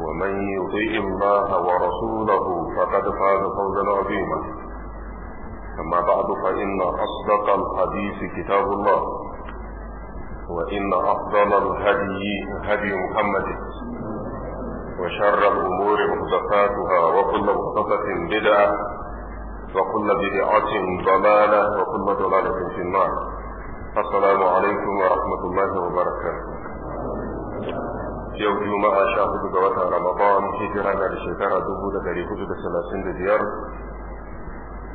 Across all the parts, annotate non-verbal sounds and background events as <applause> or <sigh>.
ومن يطيع الله ورسوله فقد فاز فوزا عظيما أما بعد فإن أصدق الحديث كتاب الله وإن أفضل الهدي هدي محمد وشر الأمور محدثاتها وكل محدثة بدعة وكل بدعة ضلالة وكل ضلالة في النار السلام عليكم ورحمة الله وبركاته yau juma'a sha hudu ga watan ramadan hijira na da shekara dubu da dari hudu da talatin da biyar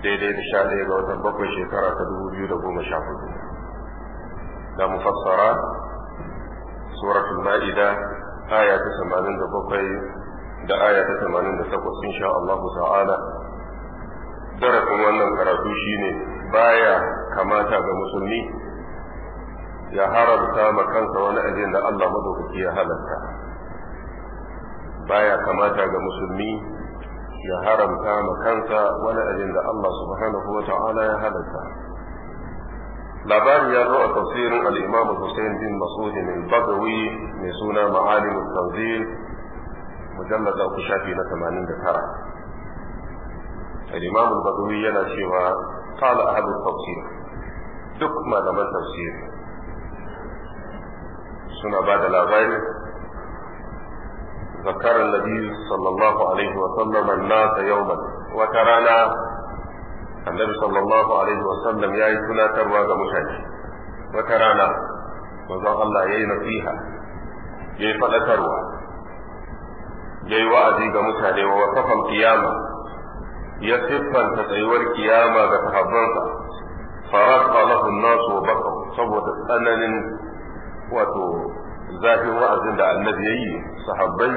daidai da sha ɗaya ga watan bakwai shekara ta dubu biyu da goma sha hudu da mufassara suratul ma'ida aya ta tamanin da bakwai da aya ta tamanin da takwas insha Allah ta'ala darasin wannan karatu shine baya kamata ga musulmi ya haramta ma kansa wani ajin da Allah madaukaki ya halatta baya kamata ga musulmi ya haramta ma kansa wani ajin da Allah subhanahu wa ta'ala ya halatta labari ya zo a tafsirin al-Imam Hussein bin Mas'ud al badawi mai suna Ma'alim al-Tanzil mujallad uku shafi na 89 al-Imam al badawi yana cewa qala ahad al-tafsir duk malaman tafsiri suna ba da labari zakar nabi sallallahu alaihi wa sallam nasa yawman wata rana annabi sallallahu alaihi wa sallam ya yi tunatarwa ga mutane wata rana manzon Allah ya yi nasiha ya yi faɗakarwa ya yi wa'azi ga mutane wa wasafan kiyama ya siffanta tsayuwar kiyama ga sahabbansa farasa lahu nasu wa bakaw saboda tsananin wato zafin wa'azin da annabi ya yi sahabbai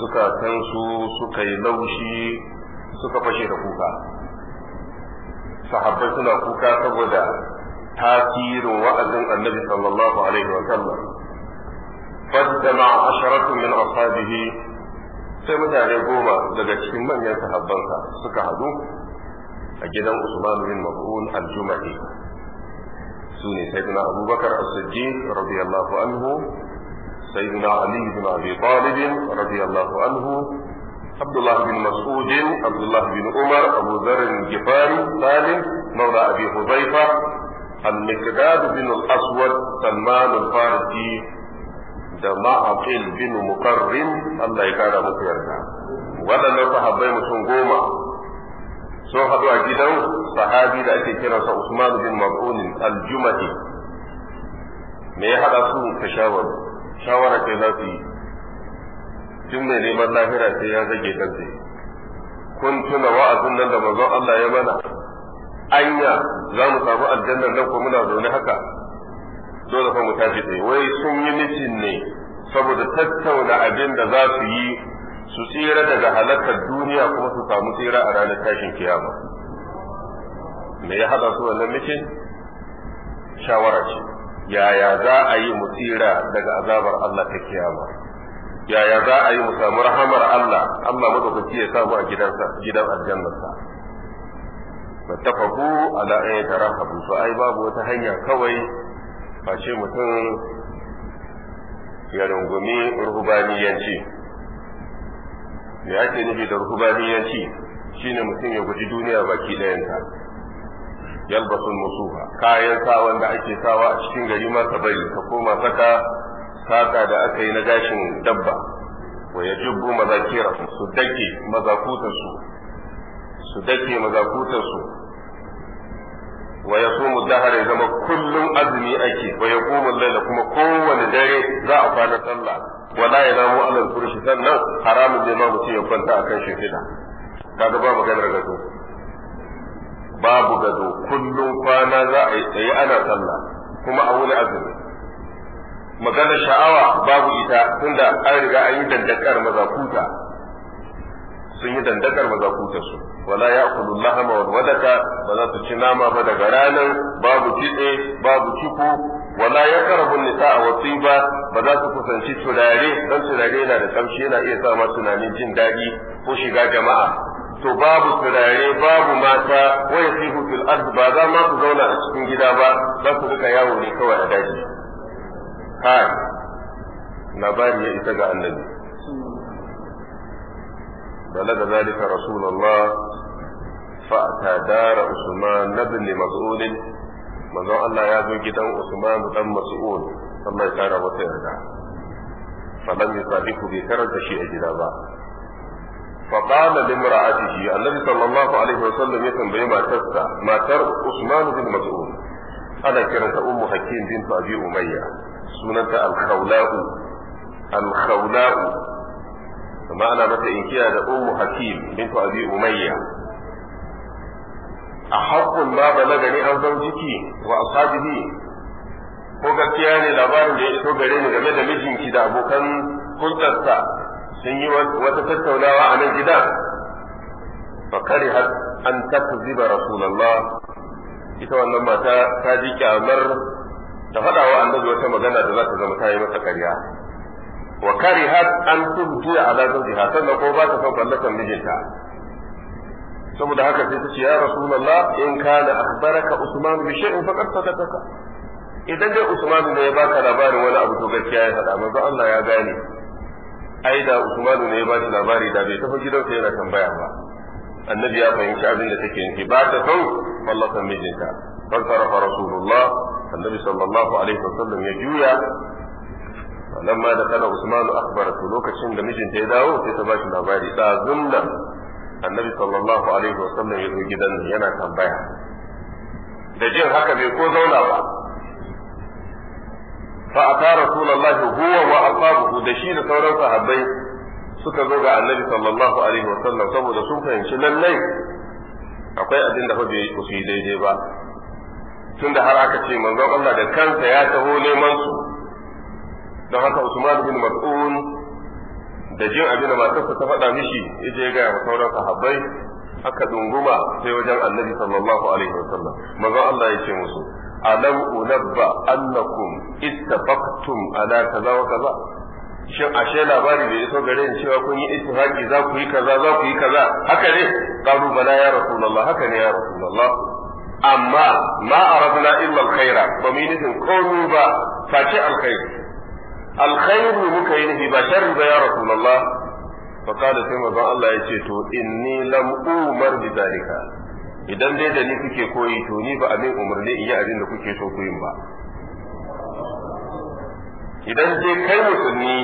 zukatansu suka yi laushi suka fashe da kuka sahabbai suna kuka saboda tasirin wa'azin annabi sallallahu alaihi wa sallam faddama asharatu min ashabihi sai mutane goma daga cikin manyan sahabbansa suka hadu a gidan Usman bin Mas'ud al-Jumahi su ne abubakar as-siddiq radiyallahu anhu sayyidina ali ibn abi talib bin mas'ud abdullah bin umar abu dharr al-ghifari salim mawla abi hudhaifa al-miqdad bin al-aswad salman al-farisi da ma'aqil bin muqarrim Allah ya kara muku yarda waɗannan sahabbai mutum goma sun haɗu a gidan sahabi da ake kiransa Usman bin Mab'un al-Jumahi me ya haɗa su ta shawara shawara kai za su yi tun mai neman lahira sai ya zage dan sai kun tuna wa'azin nan da manzon Allah ya mana anya za mu samu aljannar nan ko muna zaune haka dole fa mu tafi tsaye wai sun yi mijin ne saboda tattauna abin da za su yi su tsira daga halakar duniya kuma su samu tsira a ranar tashin kiyama me ya haɗa su wannan mikin shawara ce yaya za a yi mu tsira daga azabar Allah ta kiyama yaya za a yi mu samu rahamar Allah Allah madaukaki ya samu a gidansa gidan aljannarsa fattafaku ala an tarahabu so ai babu wata hanya kawai ce mutum ya rungumi yanci. me ake nufi da ruhubaniyanci shine mutum ya guji duniya baki ɗayanta yalbasul musuha kayan sa wanda ake sawa a cikin gari maka bari ka koma saka saka da aka yi na gashin dabba wa yajibbu mazakira su dake mazakutan su dake wa ya sumu dahar ya zama kullum azumi ake wa ya kuma laila kuma kowane dare za a kwana sallah wala ya namu alal furshi sannan haramun ne ma mutum ya kwanta akan shekida kaga ba gado babu gado kullum kwana za a yi tsaye ana sallah kuma a wani azumi maganar sha'awa babu ita tunda an riga an yi dandakar mazakuta sun yi dandakar mazakutar su wala ya'kulu lahama wal wadaka ba za su ci nama ba daga ranar babu kitse babu cuku wala yaqrabu nisa wa tiba ba za su kusanci turare dan turare yana da kamshi yana iya sa ma tunanin jin daɗi ko shiga jama'a to babu turare babu mata wa yasihu fil ard ba za ma ku zauna a cikin gida ba za ku rika yawo ne kawai a daji kai labari ya isa ga annabi بلغ ذلك رسول الله فأتى دار عثمان بن مسعود منذ لا يازو جدا عثمان بن مسعود ثم يسار وسيرجع فلم في بكرة شيء جدابا فقال لامرأته الذي صلى الله عليه وسلم يتم بما تسعى ما ترى عثمان بن مسعود أنا كرهت أم حكيم بنت أبي أمية سننت الخولاء الخولاء kuma ana in inkiya da ummu hakim bintu abi umayya a haƙƙun ma balagani an zaujiki wa ashabihi ko gaskiya ne labarin da ya iso gare ni game da mijinki da abokan hulɗarsa sun yi wata tattaunawa a nan gida fa karihat an takziba rasulallah. ita wannan mata ta ji kyamar ta faɗa wa annabi wata magana da za ta zama ta yi masa ƙarya wa karihat an tubdi ala zawjiha sannan ko ba ta son kwallakan mijinta saboda haka sai ta ce ya rasulullah in kana akhbaraka usman bi shay'in faqad sadaqaka idan dai usman ne ya baka labarin wani abu to gaskiya ya faɗa manzo Allah ya gane ai da usman ne ya baka labari da bai tafi gidansa yana tambaya ba annabi ya fahimci abin da take yanki ba ta son kwallakan mijinta fa sarafa rasulullah annabi sallallahu alaihi wasallam ya juya lamma da kana usmanu akhbaratu lokacin da mijinta ya dawo sai ta ba shi labari ɗazun nan annabi sallallahu alaihi wa sallam ya zo gidan yana tambaya da jin haka bai ko zauna ba fa ata rasulullahi huwa wa da shi da suka zo ga annabi sallallahu alaihi wa sallam saboda sun fahimci lallai akwai abin da fa bai ku daidai ba tunda har aka ce manzon Allah da kansa ya taho neman su don haka Usman bin Mas'un da jin abin da matarsa ta faɗa mishi ya je ga wa sauran sahabbai aka dunguma sai wajen Annabi sallallahu alaihi wasallam manzo Allah ya ce musu alam unabba annakum ittafaqtum ala kaza wa kaza shin ashe labari bai iso gare ni cewa kun yi ittifaqi za ku yi kaza za ku yi kaza haka ne qalu bala ya rasulullah haka ne ya rasulullah amma ma arabna illa alkhaira ba mu yi nufin komai ba face alkhairi alkhairu muka yi nufi ba sharri ba ya rasulullah fa qala sai manzon Allah ya ce to inni lam umar bi zalika idan dai da ni kuke koyi to ni ba abin umarni in yi abin da kuke so ku ba idan dai kai musulmi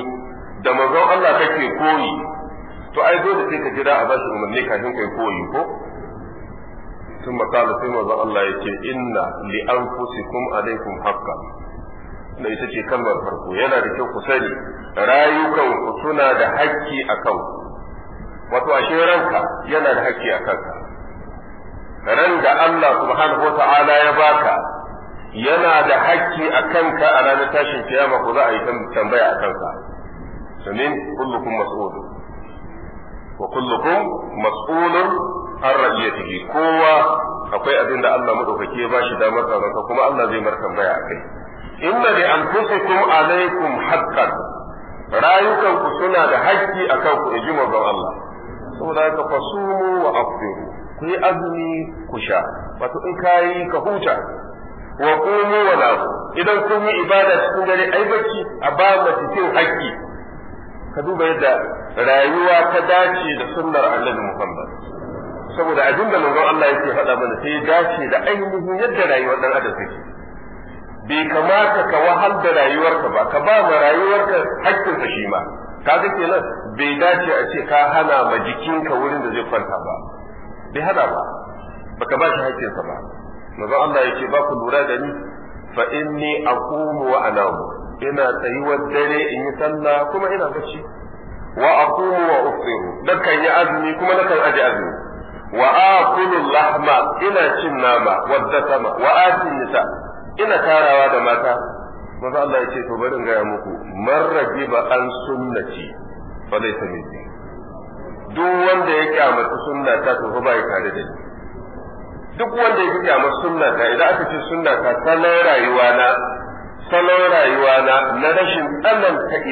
da manzon Allah kake koyi to ai dole sai ka jira a bashi umarni kafin kai koyi ko ثم قال ثم الله يقول إن لأنفسكم عليكم حقا da ita ce kalmar farko yana da kyau ku sani rayukan ku suna da hakki a kan wato ashe ranka yana da hakki a kanka ran da Allah subhanahu wata'ala ya baka yana da hakki a kanka a ranar tashin kiyama ku za a yi tambaya a kanka domin kullukum mas'ul wa kullukum mas'ulun an ra'iyatihi kowa akwai abin da Allah madaukake ya bashi damar tsaron kuma Allah zai mar tambaya a kai inna bi anfusikum alaikum haqqan rayukan ku suna da haƙƙi akan ku ji manzon Allah saboda haka fasumu wa afdiru ku yi azumi ku sha wato in kayi ka huta wa qumu wa idan kun yi ibada cikin gari ai bacci a ba ma cikin haƙƙi ka duba yadda rayuwa ta dace da sunnar Annabi Muhammad saboda abinda manzon Allah yake faɗa mana sai dace da ainihin yadda rayuwar dan adam take bai kamata ka wahal da rayuwarka ba ka ba ma rayuwarka hakkinsa shi ma kaga kenan bai dace a ce ka hana ma jikinka wurin da zai kwanta ba bai hana ba baka ba shi hakkinsa ba Maza Allah yake ba ku lura da ni fa inni aqumu wa anamu ina tsayuwar dare in yi sallah kuma ina bacci wa aqumu wa ufiru nakan yi azumi kuma nakan aji azumi wa akulu lahma ina cin nama wadda sama wa atin nisa' ina tarawa da mata maza Allah ya ce to bari in gaya muku marrabi ba an sunnaci fa zai sami duk wanda ya kyamata sunna ta to ba ya tare da ni duk wanda ya kyamata sunna ta idan aka ce sunna ta salon rayuwa na salon rayuwa na na rashin ta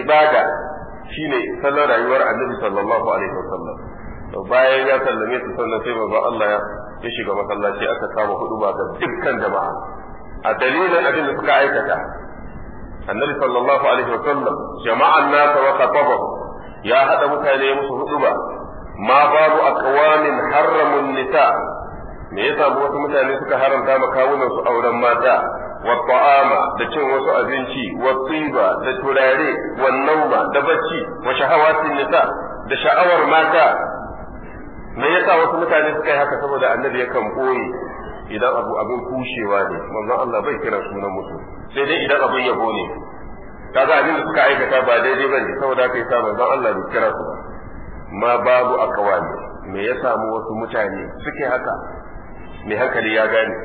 ibada shine salon rayuwar annabi sallallahu alaihi wasallam to bayan ya sallame su sannan sai ba Allah ya shiga masallaci aka kama hudu ba ga dukkan jama'a a dalilin abin da suka aikata annabi sallallahu alaihi wasallam jama'an nasa wa khatabahu ya hada mutane musu huduba ma babu aqwamin haramun nisa me yasa wasu mutane suka haramta ma kawunan su auren mata wa ta'ama da cin wasu abinci wa tsiba da turare wa nauma da bacci wa shahawatin nisa da sha'awar mata me yasa wasu mutane suka yi haka saboda annabi yakan boye idan abu abin kushewa ne manzon Allah bai kira sunan mutum sai dai idan abin yabo ne kaga abin da suka aikata ba daidai ba ne saboda kai sa manzon Allah bai kira su ma babu akawani me ya samu wasu mutane suke haka mai hankali ya gane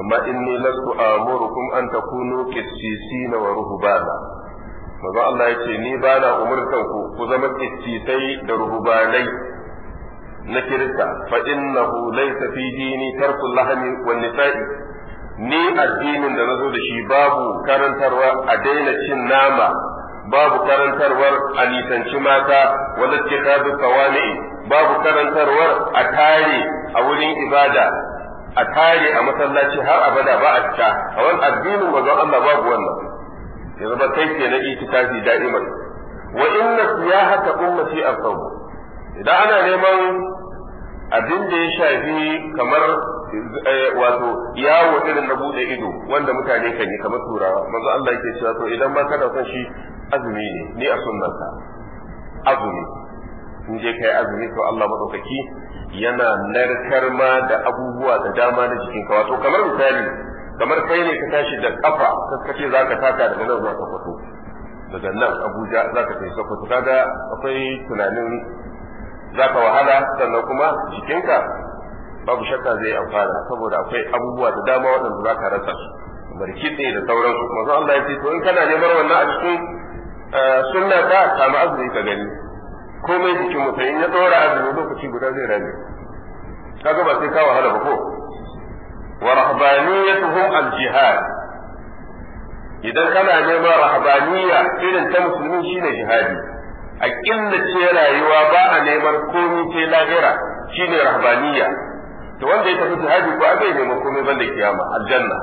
amma inni lastu amurukum an takunu qissisina wa ruhbana manzon Allah yace ni bana umurtan ku ku zama qissisai da ruhbanai na kirista fa innahu laysa fi dini tarkul lahmi wan nisa'i ni addinin da nazo da shi babu karantarwa a daina cin nama babu karantarwar a nisanci mata wala tikhadu sawami babu karantarwar a tare a wurin ibada a tare a masallaci har abada ba a fita a wani addinin wajen Allah babu wannan yanzu ba kai ke na itikafi da'iman wa inna siyahata ummati afau idan ana neman abin da ya shafi kamar eh, wato yawo irin na bude ido wanda mutane kan yi kamar turawa manzo Allah yake cewa to idan ka da son shi azumi ne ni a sunnarsa azumi in je kai azumi to Allah madaukaki yana narkar ma da abubuwa da dama na jikinka wato kamar misali kamar kai ne ka tashi da kafa kaskace zaka taka daga nan zuwa Sokoto daga nan Abuja zaka tafi Sokoto kaga akwai tunanin za ka wahala sannan kuma jikinka babu shakka zai amfana saboda akwai abubuwa da dama waɗanda za ka rasa su kamar kitse da sauransu kuma zan Allah ya ce to in kana neman wannan a cikin eh, sunna ka samu azumi ka gani komai jikin mutum in ya ɗora azumi lokaci guda zai rame ga ba sai ka wahala ba ko wa rahbaniyatuhum al-jihad idan kana neman rahbaniya irin ta musulmi shine jihadi a killace rayuwa ba a neman komi sai lahira shine rahbaniya to wanda ya tafi jihadi ko bai neman komai da kiyama aljanna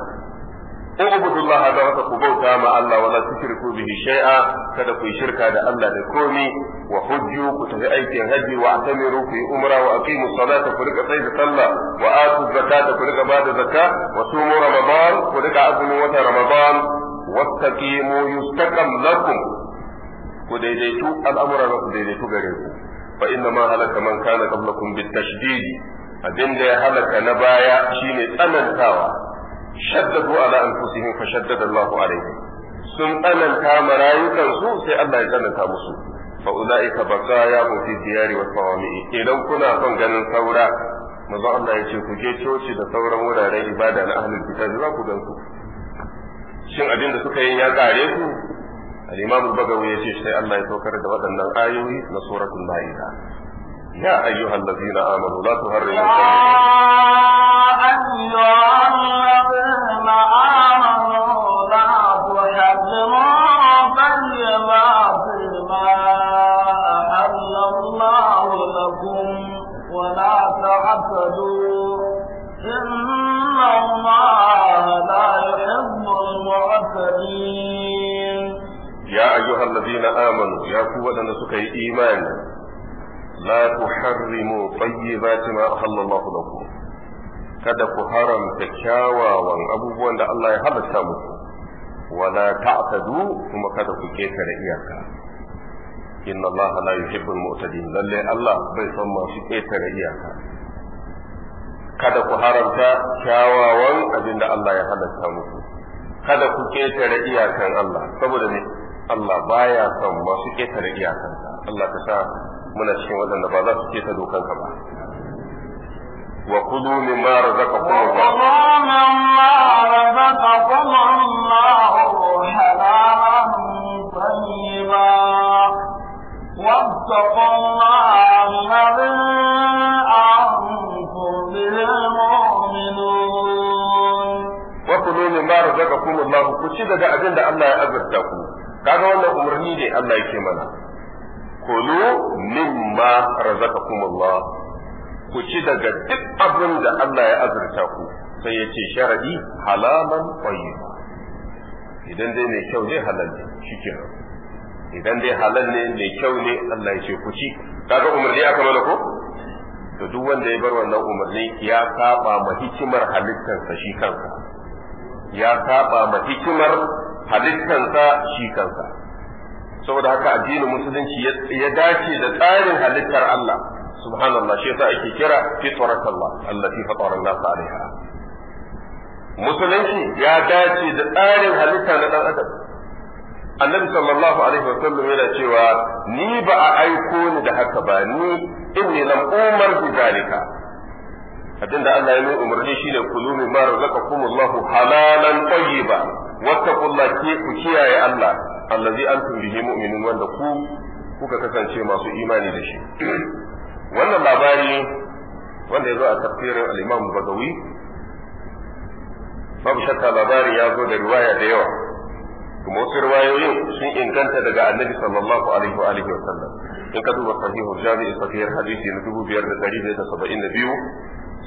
ko ubudullaha da wata ku bauta ma Allah wala tushriku bihi shay'a kada ku shirka da Allah da komi wa hujju ku tafi aikin haji wa atamiru ku yi umra wa aqimu salata ku rika da sallah wa atu zakata ku rika bada zakka wa sumu ramadan ku rika azumin wata ramadan wattaqimu yustaqam lakum ku daidaitu al'amura na ku daidaitu gare ku fa inna ma halaka man kana qablakum bitashdid abin da ya halaka na baya shine tsanantawa shaddadu ala anfusihim fa shaddada Allahu alaihim sun tsananta marayukan su sai Allah ya tsananta musu fa ulaika baqaya mu fi diyari wa sawami idan kuna son ganin saura manzo Allah ya ce ku je coci da sauran wuraren ibada na ahlul kitab za ku gan su shin abin da suka yi ya kare ku الإمام البدوي يشيش أن الله يتوكر دوات أن الآيوي لسورة المائدة يا أيها الذين آمنوا لا تهرموا يا أيها الذين آمنوا لا تهرموا إن الله لا يحب المعتدين ya ayyuhal ladina amanu ya ku waɗanda suka yi imani la tuharrimu tayyibati ma ahallallahu lakum kada ku haramta kyawawan abubuwan da Allah ya halatta muku wala ta'tadu kuma kada ku ketare iyaka inna Allah la yuhibbul mu'tadin lalle Allah bai son masu ketare iyaka kada ku haramta kyawawan abin da Allah ya halatta muku kada ku ketare iyakan Allah saboda ne Allah baya son masu ƙetare iyakanka Allah ka sa muna cikin waɗanda ba za su keta dokanka ba wa kudu mimma razaqakum Allah ma. razaqakum Allah halalan tayyiba واتقوا الله الذي أنتم به مؤمنون Allah مما رزقكم الله كشدد kaga wannan umarni ne Allah yake mana kulu mimma razaqakumullah ku ci daga duk abin da Allah ya azurta ku sai ya ce sharadi halaman tayyiba idan dai mai kyau ne halal ne shikenan idan dai halal ne mai kyau ne Allah ya ce ku ci kaga umarni aka mana ko to duk wanda ya bar wannan umarni ya saba ma hikimar halittarsa shi kansa ya saba ma hikimar halittansa shi kansa saboda haka addinin musulunci ya dace da tsarin halittar Allah subhanallah shi yasa ake kira fitrat Allah allati fatara an-nas 'alayha musulunci ya dace da tsarin halitta na dan adam annabi sallallahu alaihi wa sallam yana cewa ni ba a aiko ni da haka ba ni inni lam umar bi zalika abinda Allah ya nuna umarni shine kulu mimma razaqakumullahu halalan tayyiba wattaqulla ke ku kiyaye Allah allazi antum bihi mu'minun wanda ku kuka kasance masu imani da shi <clears throat> wannan labari wanda ya zo a tafsirin al-Imam Bagawi babu shakka labari ya zo da riwaya da yawa kuma wasu riwayoyin sun inganta daga annabi sallallahu alaihi wa alihi wa sallam in ka duba sahihul jami'i sahihar hadisi na dubu biyar da dari da saba'in da biyu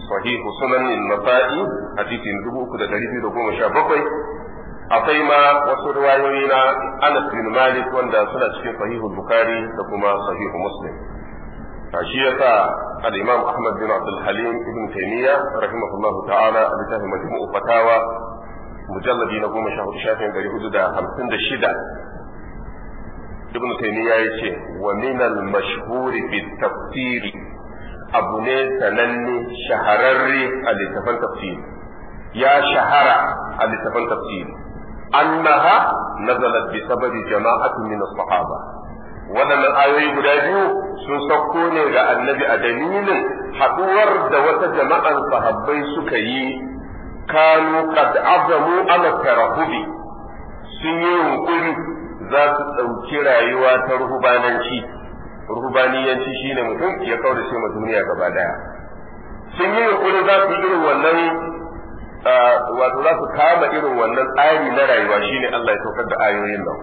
sahihu sunan nasa'i hadisi na dubu uku da dari biyu da goma sha bakwai akwai ma wasu riwayoyi na Anas bin Malik wanda suna cikin sahihul Bukhari da kuma sahihu Muslim shi yasa al-Imam Ahmad bin Abdul Halim ibn Taymiya rahimahullahu ta'ala a littafin Majmu'u Fatawa mujalladi na goma sha hudu shafin ɗari hudu da hamsin da shida ibn Taymiya ya ce wa min al-mashhuri bi tafsiri abu ne sananne shahararre a littafan tafsiri ya shahara a littafan tafsiri annaha nazalat bi sababi jama'atu min as-sahaba waɗannan ayoyi guda biyu sun sauko ne ga annabi a dalilin haɗuwar da wata jama'an sahabbai suka yi kanu qad azamu ala tarahubi sun yi yunƙuri za su ɗauki rayuwa ta ruhubananci ruhubaniyanci shine mutum ya kaurace ma duniya gaba daya sun yi yunƙuri za su irin wannan wato za su kama irin wannan tsari na rayuwa shine Allah ya saukar da ayoyin nan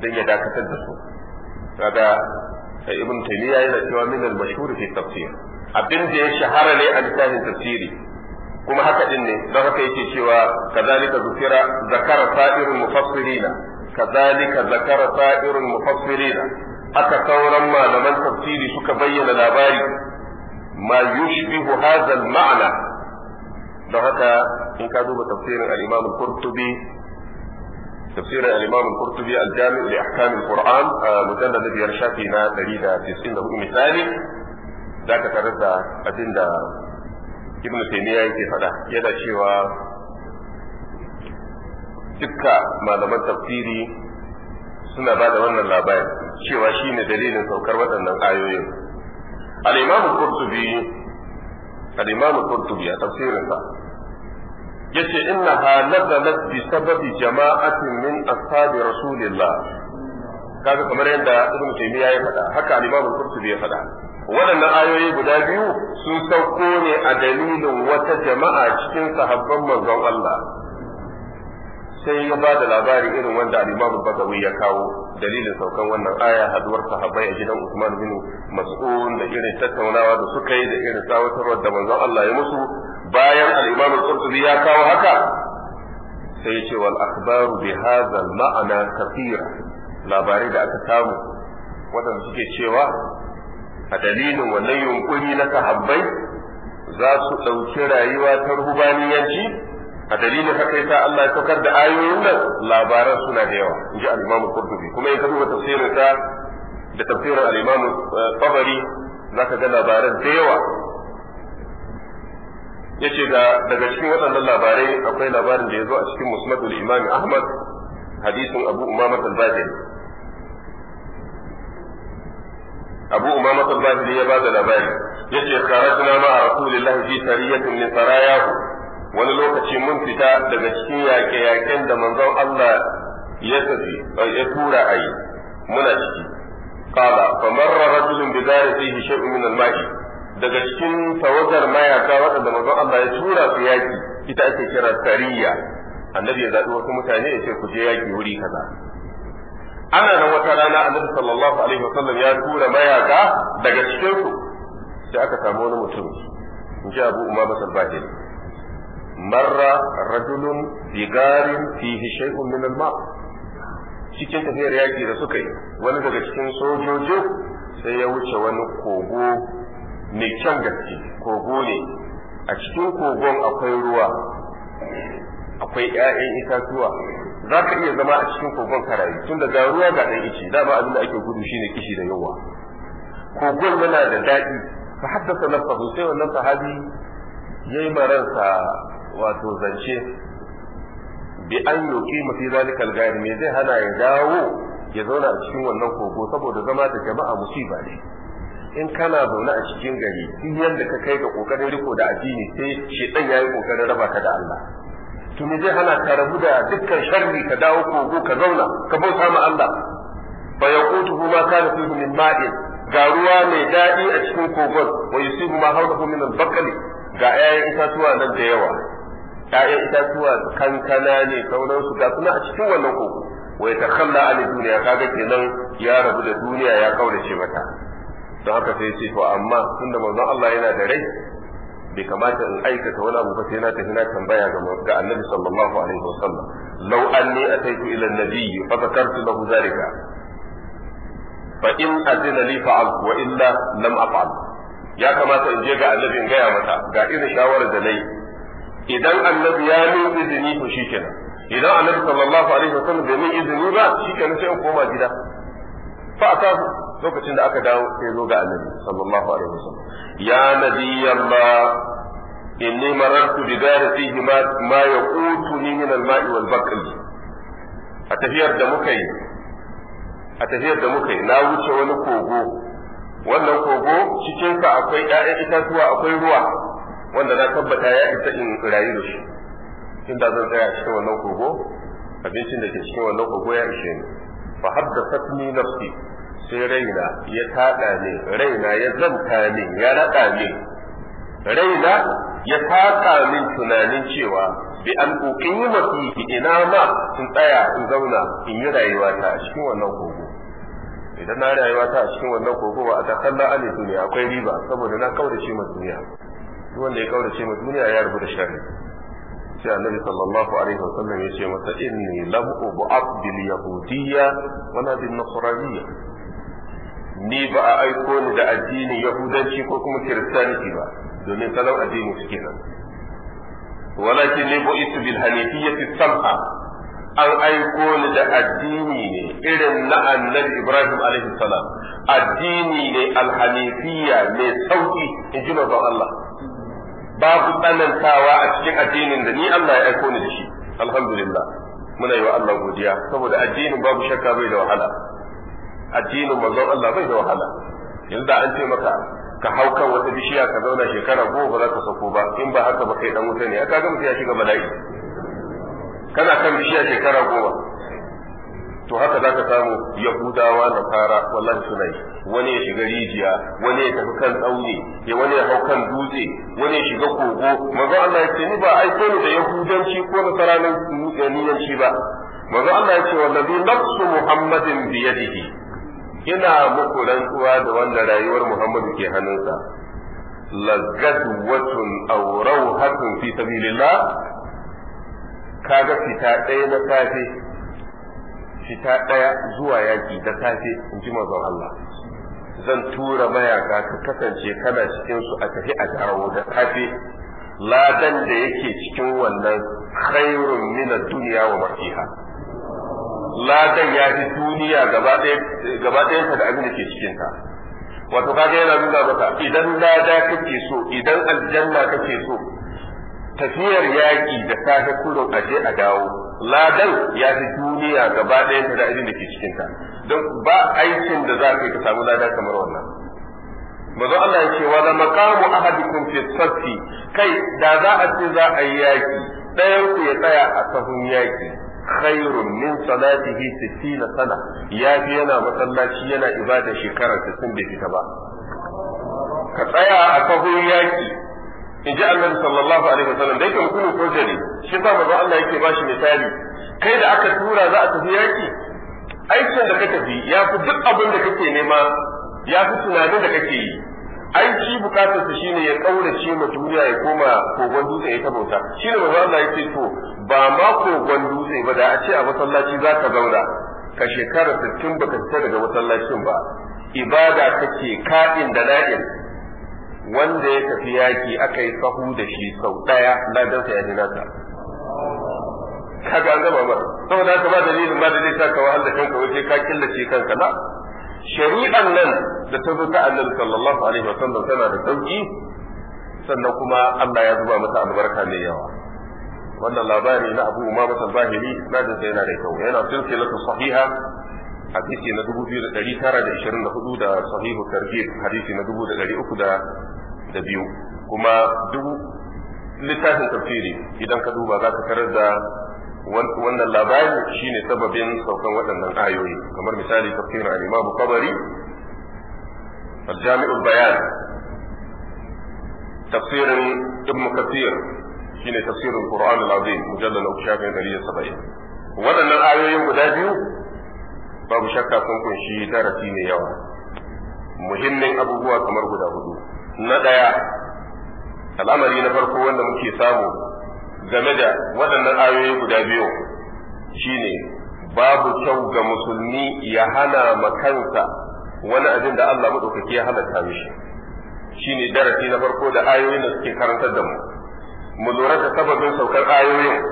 dan ya dakatar da su kaga sai eh, ibn taymiya yana cewa min al-mashhur fi tafsir abin da ya shahara ne a littafin tafsiri kuma haka din ne don haka yake cewa kazalika zukira zakara sa'irul mufassirina kazalika zakara sa'irul mufassirina haka sauran malaman tafsiri suka bayyana labari ma yushbihu hadha al-ma'na don haka in ka duba tafsirin al-Imam al-Qurtubi tafsirin al-Imam al-Qurtubi al-Jami' li ahkam al-Qur'an mujallad da biyar shafi na 194 misali zaka tarar da abinda Ibn Taymiyyah yake faɗa yana cewa dukka malaman tafsiri suna ba da wannan labarin cewa shine dalilin saukar waɗannan ayoyin al-Imam al-Qurtubi al-Imam al-Qurtubi a tafsirinsa yace innaha nazalat bi sababi jama'atin min ashabi rasulillah kaga kamar yadda ibn taymiya ya faɗa haka al-imam al-qurtubi ya faɗa waɗannan ayoyi guda biyu sun sauko ne a dalilin wata jama'a cikin sahabban manzon Allah sai ya ba da labari irin wanda al-imam bagawi ya kawo dalilin saukan wannan aya haduwar sahabbai a gidan Usman bin Mas'ud da irin tattaunawa da suka yi da irin tsawatarwar da manzon Allah ya musu bayan al-imam al-qurtubi ya kawo haka sai ce wal akhbaru bi hadha al labarai da aka samu wadanda suke cewa a dalilin wannan yunkuri na sahabbai za su ɗauki rayuwa ta rubaniyanci a dalilin haka yasa Allah ya saukar da ayoyin nan labaran suna da yawa in ji al-imam al-qurtubi kuma in ka duba tafsirin da tafsirin al-imam eh, tabari zaka ga labaran da yawa yace da daga cikin waɗannan labarai akwai labarin da ya zo a cikin musnadul imam ahmad hadisin abu umama al-bahili abu umama al-bahili ya bada labari yace kharajna ma rasulullahi fi sariyatin min sarayahu wani lokaci mun fita daga cikin yaƙe-yaƙen da manzon Allah ya tafi ya tura ayi muna ciki qala famarra rajulun bi dari fihi shay'un min al-ma'i daga cikin tawagar mayaka waɗanda manzon Allah ya tura su yaki ita ake kira tariya annabi ya zaɓi wasu mutane ya ce ku je yaki wuri kaza ana nan wata rana annabi sallallahu alaihi wasallam ya tura mayaka daga cikin su sai aka samu wani mutum in ji Abu umar al bajin marra rajulun bigarin fi shay'un min ma cikin tafiyar yaki da suka yi wani daga cikin sojojin sai ya wuce wani kogo mai can gaske kogo ne a cikin kogon akwai ruwa akwai 'ya'yan itatuwa za ka iya zama a cikin kogon karayi tun da ruwa ga ɗan ici dama abin da ake gudu shine kishi da yawa kogon yana da daɗi fa haddasa nafsahu sai wannan sahabi yayi maransa wato zance bi an yoki mafi zalikal gari me zai hana ya dawo ya zauna a cikin wannan kogo saboda zama da jama'a musiba ne in kana zaune a cikin gari in yadda ka kai ga kokarin riko da addini sai shedan yayi kokarin raba ka da Allah to me zai hana ka rabu da dukkan sharri ka dawo kogo ka zauna ka bauta ma Allah fa yaqutuhu ma kana fihi min ma'in ga ruwa mai daɗi a cikin kogon wa yusibu ma hawlahu min al-baqli ga 'ya'yan itatuwa nan da yawa 'ya'yan itatuwa kankana ne sauransu ga kuma a cikin wannan kogo wa yatakhalla an duniya kaga kenan ya rabu da duniya ya kaurace mata don haka sai ce to amma tunda manzon Allah yana da rai bai kamata in aikata wani abu ba sai na tafi na tambaya ga annabi sallallahu alaihi wasallam law anni ataitu ila an-nabiy fa zakartu lahu zalika fa in azina li fa'altu wa illa lam af'al ya kamata in je ga annabi in gaya mata ga irin shawarar da nayi idan annabi ya min izini to shikenan idan annabi sallallahu alaihi wasallam bai min izini ba shikenan sai in koma gida fa atafu lokacin da aka dawo sai zo ga annabi sallallahu alaihi wasallam ya nabiyallah inni marartu bi dari fihi ma ma yaqutuni min al-ma'i wal baqli a tafiyar da muka yi a tafiyar da muka yi na wuce wani kogo wannan kogo cikin akwai ƴaƴan itatuwa akwai ruwa wanda na tabbata ya isa in rayu da shi da zan tsaya cikin wannan kogo abincin da ke cikin wannan kogo ya ishe ni fa haddathatni nafsi sai raina ya taɗa ne raina ya zanta ne ya raɗa ne raina ya taƙa min tunanin cewa bi an ƙoƙin mafi ina ma sun tsaya in zauna in yi rayuwa ta a cikin wannan kogo idan na rayuwa ta a cikin wannan kogo ba a ta kalla ani duniya akwai riba saboda na kaurace ma duniya duk wanda ya kaurace ma duniya ya rubuta sharri sai annabi sallallahu alaihi wa sallam ya ce masa inni lam ubu bil yahudiyya wala bin nasraniyya ni ba a aiko ni da addinin yahudanci ko kuma kiristanci ba domin salon addini su kenan walakin ne bu'istu bil hanifiyyati samha an aiko ni da addini ne irin na annabi Ibrahim alaihi salam addini ne alhanifiyya mai sauki in ji Allah babu tsanantawa a cikin addinin da ni Allah ya aiko ni da shi alhamdulillah muna yi wa Allah godiya saboda addinin babu shakka bai da wahala addinin manzon Allah bai da wahala yanzu da an ce maka ka hau kan wata bishiya ka zauna shekara goma ba za ka sako ba in ba haka ba kai dan wuta ne aka ga mutum ya shiga bala'i kana kan bishiya shekara goma to haka za ka samu yahudawa na fara wallahi suna yi wani ya shiga rijiya wani ya tafi kan tsauni ya wani ya hau kan dutse wani ya shiga kogo manzo Allah ya ce ni ba aiko ni da yahudanci ko da saranin niyanci ba manzo Allah ya ce wallazi nafsu muhammadin biyadihi ina muku rantsuwa da wanda rayuwar Muhammadu ke hannunsa watun aurau hatun fi sabilillah kaga fita ɗaya na safe fita ɗaya zuwa yaki da safe in ji mazan Allah zan tura mayaka ka kasance kana cikin su a tafi a dawo da safe ladan da yake cikin wannan khairun min duniya wa mafiha ladan ya fi duniya gaba ɗayansa da abin da ke cikinta wato kaga yana nuna maka idan lada kake so idan aljanna kake so tafiyar yaƙi da safe kullum aje a dawo ladan ya fi duniya gaba ɗayansa da abin da ke cikinta don ba aikin da za ka yi ka samu lada kamar wannan mazo Allah ya ce wala maqamu ahadikum fi safi kai da za a ce za a yi yaƙi ɗayan ku ya tsaya a sahun yaƙi khairun min salatihi 60 sana ya fi yana masallaci yana ibada shekara 60 bai fita ba ka tsaya a sahun yaki Inji ji sallallahu alaihi wasallam da yake mutumin sojari shi sa manzo Allah yake bashi misali kai da aka tura za a tafi yaki aikin da ka tafi ya fi duk abin da kake nema ya fi tunanin da kake yi aiki bukatarsa shine ya kaurace ma duniya ya koma kogon dutse ya tabauta shi ne manzo Allah yake to ba mako gwandu dutse ba da a ce a masallaci za ka zauna ka shekara sittin ba ka fita daga masallacin ba ibada kake ka'in da na'in wanda ya tafi yaki aka yi sahu da shi sau ɗaya ladansa ya nata ka ga gama ba saboda haka ba dalilin ba da zai sa ka wahala kanka waje ka killace kanka na shari'an nan da ta zo ta annabi sallallahu alaihi wasallam tana da sauki sannan kuma Allah ya zuba mata albarka mai yawa wannan labari na abu umama talbahiri isnadin sa yana da kyau yana cikin silsilatu sahiha hadisi na 2924 da sahihu targhib hadisi na 2302 kuma duk littafin tafsiri idan ka duba za ka tarar da wannan labari shine sababin saukan waɗannan ayoyi kamar misali tafsirin al-Imam Qabari al-Jami' al-Bayan tafsirin Ibn Kathir shine tafsirul Qur'an al-Azim mujallal uku shafin ɗari wadannan saba'in ayoyin guda biyu babu shakka sun kunshi darasi ne yawa muhimmin abubuwa kamar guda hudu na ɗaya al'amari na farko wanda muke samu game da waɗannan ayoyi guda biyu shine babu kyau ga musulmi ya hana makansa wani abin da Allah maɗaukaki ya halatta mishi shine darasi na farko da ayoyin da suke karantar da mu mu lura da sababin saukar ayoyin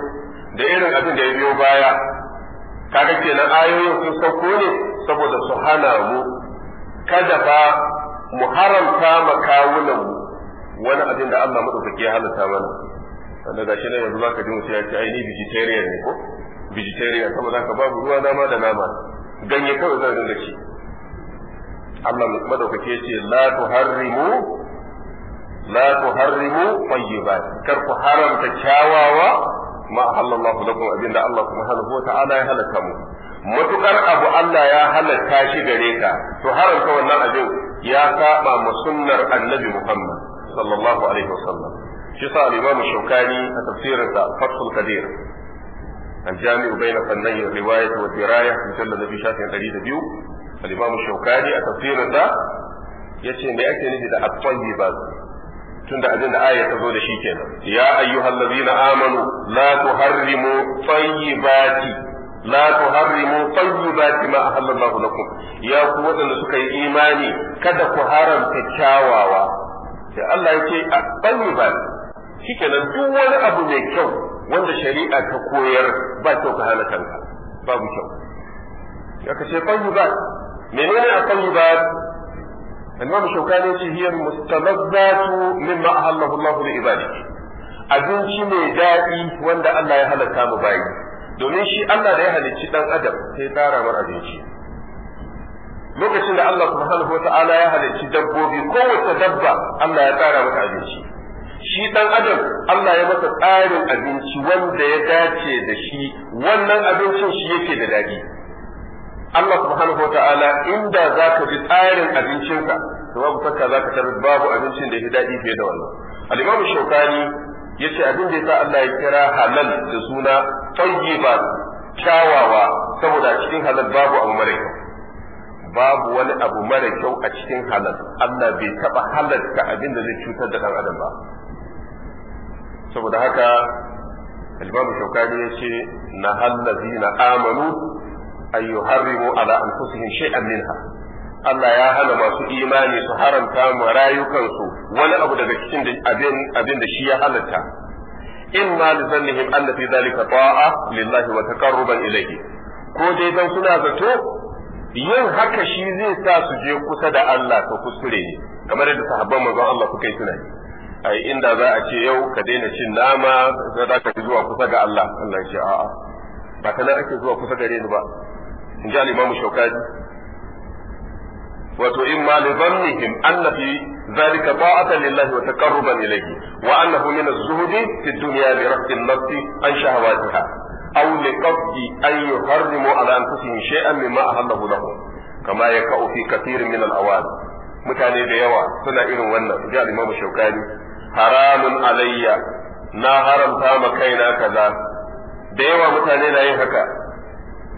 da irin abin da ya biyo baya kaga kenan ayoyin sun sauko ne saboda su hana mu kada ba mu haramta ma kawunan mu wani abin da Allah madaukaki ya halatta mana sannan gashi nan yanzu zaka ji mutum ya ce ainihin vegetarian ne ko vegetarian saboda haka babu ruwa nama da nama ganye kawai zan dinga ci Allah madaukaki ya ce la tuharrimu la tuharrimu tayyibat kar ku haramta kyawawa ma halallahu lakum ya halatta mu matukar abu Allah ya halatta shi gare ka to haramta wannan abin ya saba ma sunnar annabi Muhammad sallallahu alaihi wasallam shi sa al-imam shaukani a tafsirinsa fathul qadir الجامع بين da الرواية والدراية مجلد في شاف قريب بيو الإمام الشوكاني التفسير ذا يشي ما أكي نجد الطيبات tunda abin da aya ta zo da shi kenan ya ayyuhal ladina amanu la tuharrimu tayyibati la tuharrimu tayyibati ma ahallallahu lakum ya ku waɗanda suka yi imani kada ku haramta kyawawa sai Allah yake a tayyibati shikenan duk wani abu mai kyau wanda shari'a ta koyar ba kyau ka hana kanka babu kyau ya kace tayyibati menene a tayyibati Imam Shawkani yace hiya mustalazzatu mimma ahallahu Allah li ibadihi abinci mai daɗi wanda Allah ya halatta mu bayi domin shi Allah da ya halicci dan adam sai tsara mar abinci lokacin da Allah subhanahu wata'ala ya halicci dabbobi kowace dabba Allah ya tsara mata abinci shi dan adam Allah ya masa tsarin abinci wanda ya dace da shi wannan abincin shi yake da daɗi Allah subhanahu wata'ala inda za ka ji tsarin abincinka to babu saka zaka tar babu abincin da ya daɗi fiye da wannan al-imam shaukani yace abin da yasa Allah ya kira halal da suna tayyiba kyawawa saboda a cikin halal babu abu mara kyau babu wani abu mara kyau a cikin halal Allah bai taba halalta abin da zai cutar da dan adam ba saboda haka al-imam shaukani yace na zina amanu ay yuharrimu ala anfusihim shay'an minha Allah ya hana masu imani su haramta ma rayukansu wani abu daga cikin abin da shi ya halatta ma li zannihim anna fi zalika ta'a lillahi wa taqarruban ilayhi ko dai dan suna zato yin haka shi zai sa su je kusa da Allah ka kuskure ne kamar yadda sahabban manzon Allah suka yi tunani ai inda za a ce yau ka daina cin nama za ka zuwa kusa ga Allah Allah ya ce a'a ba kana ake zuwa kusa gare ni ba in ji al imamu Shawkani wato in li dhannihim anna fi dhalika ta'atan lillahi wa taqarruban ilayhi ni annahu min az-zuhdi fi dunya bi raf'i an-nafsi an shahawatiha aw li qasdi an yuharrimu ala anfusihim shay'an mimma ahallahu lahum kama yakau fi kathirin min al mutane da yawa suna irin wannan ga Imam haramun alayya na haramta ma kaina kaza da yawa mutane na yi haka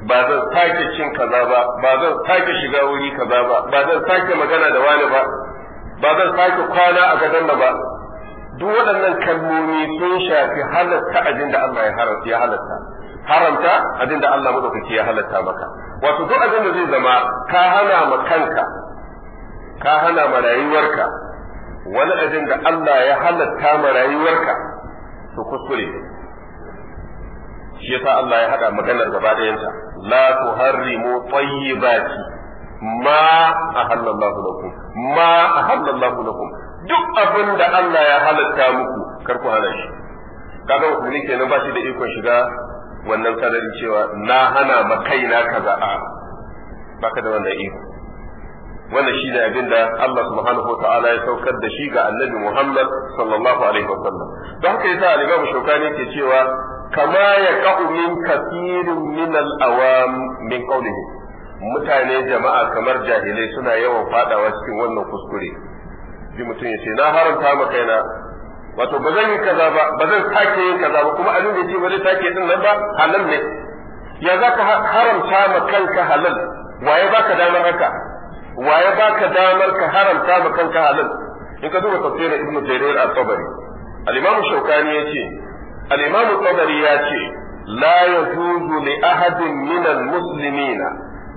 ba zan sake cin kaza ba ba zan sake shiga wuri kaza ba ba zan sake magana da wani ba ba zan sake kwana a gadon ba duk waɗannan kalmomi sun shafi halatta abin da Allah ya halatta haramta abin da Allah madaukaki ya halatta maka wato duk abin da zai zama ka hana ma kanka ka hana ma rayuwarka wani abin da Allah ya halatta ma rayuwarka to kuskure shi yasa Allah ya haɗa maganar gaba dayanta la tuharrimu tayyibati ma ahallallahu lakum ma ahallallahu lakum duk abin da Allah ya halatta muku kar ku hana shi kaga musulmi kenan ba shi da ikon shiga wannan sarari cewa na hana ma kaina kaza a baka da wannan iko wannan shi ne abin da Allah subhanahu wa ta'ala ya saukar da shi ga annabi Muhammad sallallahu alaihi wa sallam don haka yasa al-Imam Shawkani ke cewa kama ya ka'u min kafirin min al'awam min qawlihi mutane jama'a kamar jahilai suna yawan fadawa cikin wannan kuskure ji mutum ya ce na haramta ma kaina wato ba zan yi kaza ba ba zan sake yin kaza ba kuma abin da ce ba zai sake din nan ba halal ne ya za ka haramta ma kanka halal waye baka damar haka waye baka damar ka haramta ma kanka halal in ka duba tafsirin ibnu jarir al-tabari al-imam shaukani yace al-imam al ya ce la yajuzu li ahadin min al-muslimin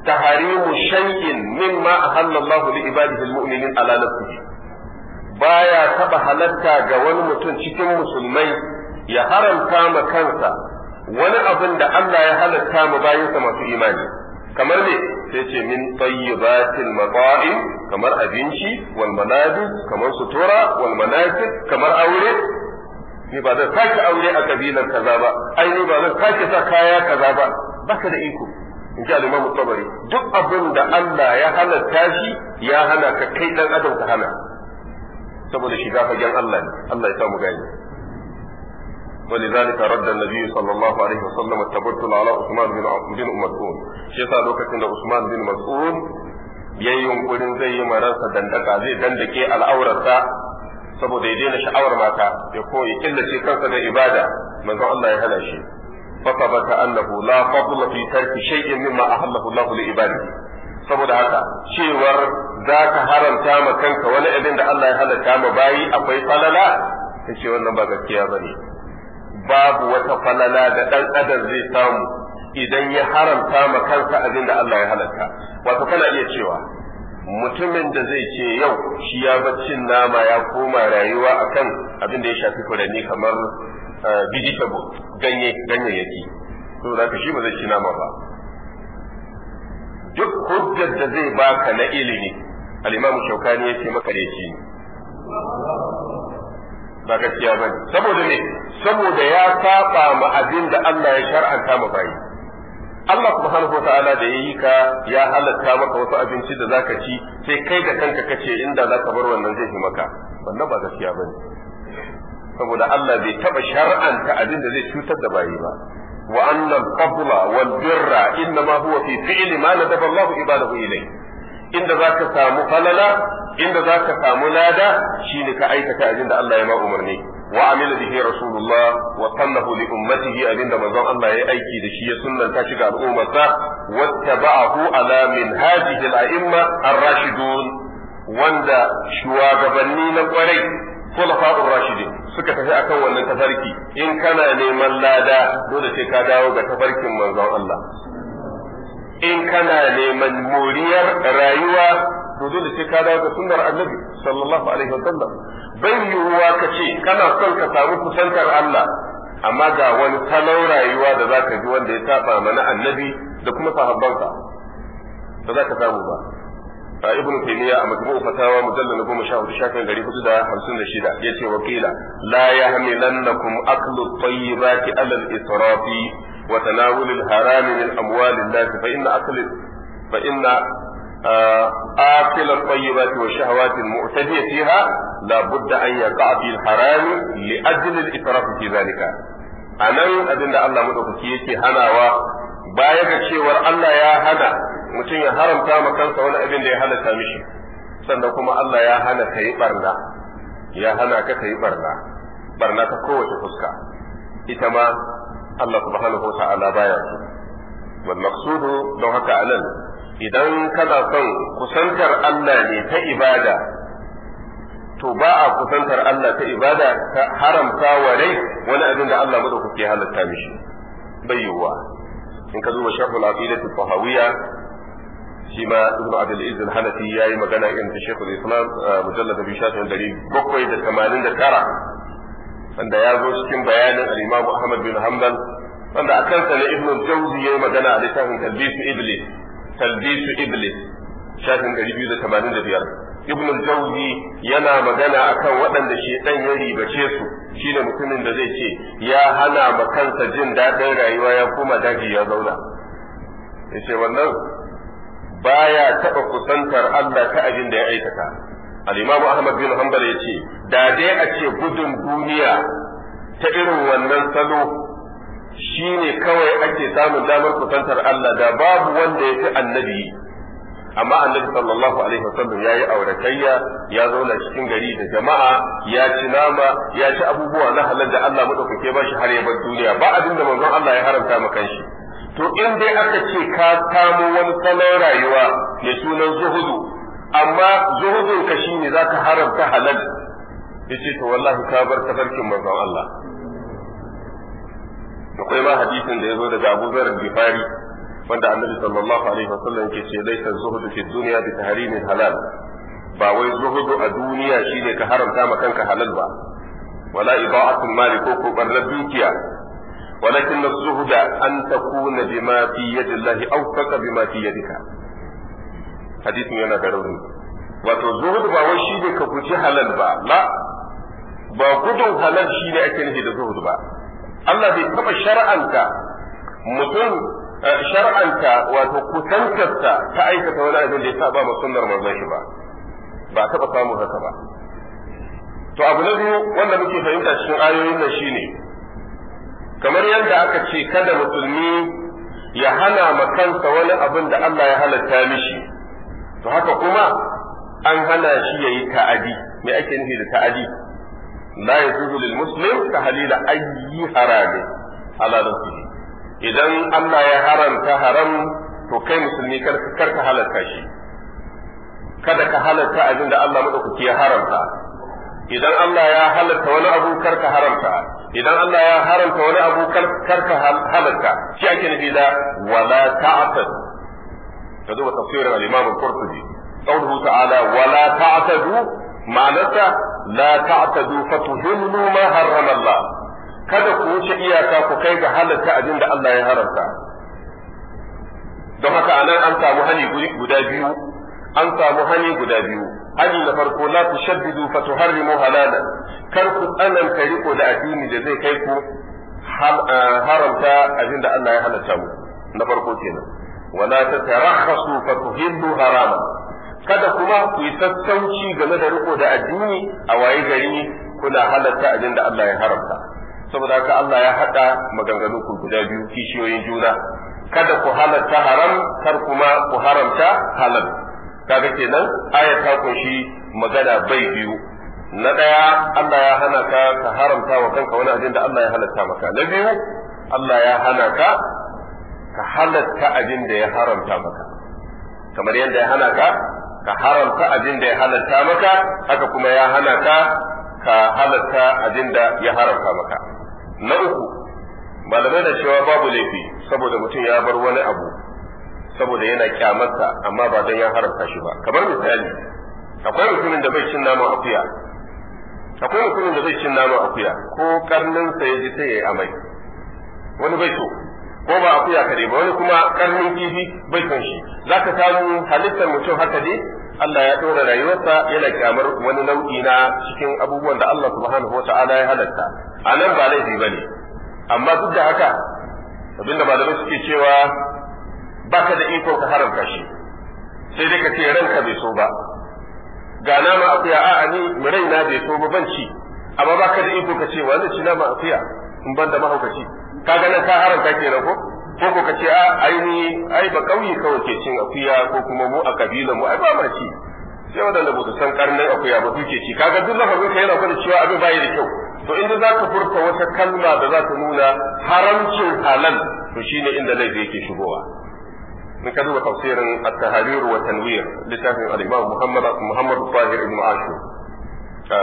tahrimu shay'in mimma ahalla Allah li ibadihi al-mu'minin ala nafsihi baya taɓa halarta ga wani mutum cikin musulmai ya haramta ma kansa wani abin da Allah ya halarta mu bayansa masu imani kamar ne sai ce min tayyibatil mata'im kamar abinci wal manabis kamar sutura wal manasik kamar aure ni ba zan sake aure a kabilar kaza ba ai ni ba zan sake sa kaya kaza ba baka da iko in ji al Tabari duk abin da Allah ya halatta shi ya hana ka kai dan adam ka hana saboda shiga fagen Allah ne Allah ya sa mu gani ولذلك رد النبي صلى الله عليه وسلم التبتل على عثمان بن بن مسعود شيخ لوكة عثمان بن مسعود yayi yunkurin zai yi maransa dandaka zai dandake al'aurarsa saboda ya daina sha'awar mata ya ko ya killace kansa da ibada manzon Allah ya hana shi فثبت la لا فضل في ترك شيء مما أهله الله لعباده saboda haka cewar za ka haramta ma kanka wani abin da Allah ya halatta ma bayi akwai falala ta ce wannan ba gaskiya ba ne babu wata falala da ɗan adam zai samu idan ya haramta ma kansa abin da Allah ya halatta wato kana iya cewa mutumin da zai ce yau shi ya baccin nama ya koma rayuwa akan abin da ya shafi furanni kamar eh, vegetable ganye ganyayyaki to za ka shi ba zai ci nama ba duk hujjar da zai baka na ilimi Alimamu shaukani ya ce maka ne ba gaskiya ba saboda ne saboda ya saba ma abin da Allah ya shar'anta mu bayi Allah subhanahu wataala da ya yi ka ya halatta maka wasu abinci da zaka ci sai kai da kanka kace inda zaka bar wannan zai yi maka wannan ba gaskiya bane saboda Allah bai taba shar'anta abin da zai cutar da bayi ba wa annal fadla wal birra inma huwa fi fi'li ma nadaba Allah ibadahu ilayhi inda zaka samu falala inda zaka samu lada shine ka aikata abin da Allah ya ma umarni wa amila bihi rasulullah wa sallahu li ummatihi abinda manzon Allah ya yayi aiki da shi ya sunnanta shi ga al'ummarsa wattaba'ahu ala minhajihi al-a'imma ar-rashidun wanda shugabanni na kwarai khulafa'ur rashidin suka tafi akan wannan tafarki in kana neman lada dole sai ka dawo ga tafarkin manzon Allah in kana neman moriyar rayuwa to dole sai ka dawo da sunnar annabi sallallahu alaihi wa sallam bai yiwuwa ka ce kana son ka samu kusantar Allah amma ga wani salon rayuwa da za ka ji wanda ya saba mana annabi da kuma sahabbansa ba za ka samu ba a ibn taymiya a majmu'u fatawa mujallal 14 shafin 456 yace wa qila la yahmilannakum aklu at-tayyibati ala al-israfi wa tanawul al-harami min amwali an-nas fa inna aklu fa inna آكل الطيبات والشهوات المعتدية فيها لابد أن يقع في الحرام لأجل الإسراف في ذلك أنا أدن الله مدوكي يكي هنا و بايك شيور Allah ya hana mutum ya haramta ma kansa wani abin da ya halatta mishi sannan kuma Allah ya hana ka yi barna ya hana ka ka yi barna barna ta kowace fuska ita ma Allah subhanahu wa ta'ala baya su wal maqsudu don haka anan idan kana son kusantar Allah ne ta ibada to ba a kusantar Allah ta ibada ta haramta wa rai wani abin da Allah madaukaki ya halatta mishi bai yiwuwa in ka zuba shafin aqidatul fahawiyya shi ma ibn abd al izz al-hanafi yayi magana in ta shaykhul islam mujallad bi shafin 789 wanda ya zo cikin bayanin al-imam ahmad bin hanbal wanda akan sa ibn jawzi yayi magana a littafin talbis iblis talbisu iblis shafin 285 ibn jauzi yana magana akan waɗanda shedan ya ribace su shine mutumin da zai ce ya hana ma kansa jin daɗin rayuwa ya koma daji ya zauna yace wannan baya taɓa kusantar Allah ta abin da ya aikata al-imam Ahmad bin Hanbal yace da dai a ce gudun duniya ta irin wannan salo shi ne kawai ake samun damar kusantar Allah da babu wanda ya fi annabi amma annabi sallallahu alaihi wasallam ya yi auratayya ya zauna cikin gari da jama'a ya ci nama ya ci abubuwa na halal da Allah madaukake ba shi har ya bar duniya ba abin da manzon Allah ya haramta ma kanshi to in dai aka ce ka kamo wani salon rayuwa mai sunan zuhudu amma zuhudun ka shine zaka haramta halal yace to wallahi ka bar tafarkin manzon Allah akwai ma hadisin da ya zo daga Abu Zar Gifari wanda Annabi sallallahu alaihi wasallam ke ce laisa zuhudu fi dunya bi tahrimil halal ba wai zuhudu a duniya shine ka haramta ma kanka halal ba wala ida'atul mali ko ko barna dukiya walakin az-zuhda an takuna bima fi yadi Allah aw faka bima fi yadika hadisin yana da rauni wato zuhudu ba wai shine ka guji halal ba la ba gudun halal shine ake nufi da zuhudu ba Allah bai taɓa shar'anta mutum eh, shar'anta wato kusantarsa ta aikata wani abin da ya saba ma sunnar manzon shi ba ba taba samu haka ba to abu na biyu wanda muke fahimta cikin ayoyin nan shine kamar yadda aka ce kada musulmi ya hana ma kansa wani abin da Allah ya halatta mishi to haka kuma an hana shi yayi ta'adi me ake nufi da ta'adi la yajuzu lil muslim tahlil ayyi haramin ala nafsihi idan Allah ya haramta haram to kai musulmi kar ka halarta shi kada ka halarta abin da Allah madaukaki ya haramta idan Allah ya halarta wani abu kar ka haramta idan Allah ya haramta wani abu kar ka halarta shi ake nufi da wala ta'tad ka duba tafsirin al-Imam al-Qurtubi qawluhu ta'ala wala ta'tadu ma'anarsa la ta'tadu fatuhillu ma harrama Allah kada ku wuce iyaka ku kai ga halatta abin da Allah ya haramta don haka anan an samu hani guda biyu an samu hani guda biyu hani na farko la tushaddidu fatuharrimu halalan kar ku tsananta riko da addini da zai kai ku haramta abin da Allah ya halatta mu na farko kenan wala tatarakhasu fatuhillu haraman kada kuma ku yi sassauci game da riko da addini a waye gari kuna halatta abin da Allah ya haramta saboda haka Allah ya haɗa maganganu ku guda biyu kishiyoyin juna kada ku halatta haram kar kuma ku haramta halal kaga kenan aya ta kunshi magana bai biyu na daya Allah ya hana ka ka haramta wa kanka wani abin da Allah ya halatta maka na biyu Allah ya hana ka ka halatta abin da ya haramta maka kamar yadda ya hana ka ka haramta abin da ya halatta maka haka kuma ya hana ka ka halatta abin da ya haramta maka na uku malamai da cewa babu laifi saboda mutum ya bar wani abu saboda yana kyamarsa amma ba don ya haramta shi ba kamar misali akwai mutumin da bai cin akuya akwai mutumin da zai cin naman akuya ko karnin sa ya ji sai ya yi amai wani bai so ko ba akuya kare ba wani kuma karnin kifi bai san shi Za ka samu halittar mutum haka dai Allah ya ɗora rayuwarsa yana kyamar wani nau'i na cikin abubuwan da Allah subhanahu wata'ala ya halatta a nan ba laifi ba ne amma duk da haka abinda ba ba suke cewa baka da iko ka haramta shi sai dai ka ce ranka bai so ba ga nama akuya a'a ni mu raina bai so ba ban ci amma baka da iko ka ce wani ci nama akuya in ban da mahaukaci ka ganin ka haramta kenan ko ko ko kace a ah, aini ai ba kauye kawai ke cin akuya ko kuma mu a kabila mu ai ba ma ci sai wadanda ba su san karnin akuya ba suke ci kaga duk lafazin ka yana gwada cewa abin bai da kyau to inda za ka furta wata kalma da za ta nuna haramcin halal to shine inda laifi yake shigowa من كذب تفسير التهارير والتنوير لتافه الإمام محمد محمد الطاهر بن عاشور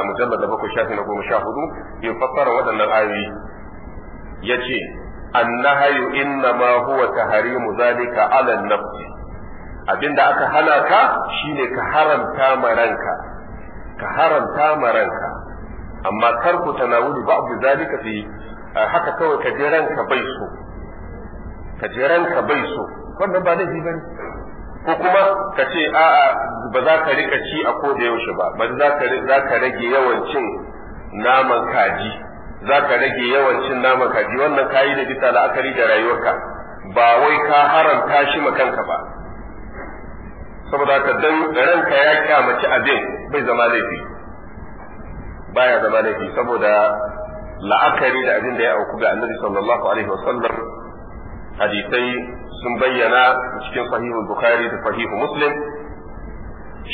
مجلد بكر شافي نقوم شاهدوا يفسر ودن الآية yace annahayu inna ma huwa tahrimu zalika ala nafs abinda aka hana ka shine ka haramta maranka, ka haramta maranka. amma kar ku tanawuli ba'du zalika fi haka kawai ka je ranka bai so ka je ranka bai so wannan ba laifi bane ko kuma ka ce a'a ba za ka rika ci a ko da yaushe ba ba za ka za ka rage yawan cin naman kaji za ka rage yawan cin naman kaji wannan ka yi da bisa la'akari da rayuwarka ba wai ka haramta shi ma kanka ba saboda ka dan ranka ya kyamaci abin bai zama laifi baya zama laifi saboda la'akari da abin da ya auku ga annabi sallallahu alaihi wa sallam, hadisai sun bayyana cikin sahihul bukhari da sahihu muslim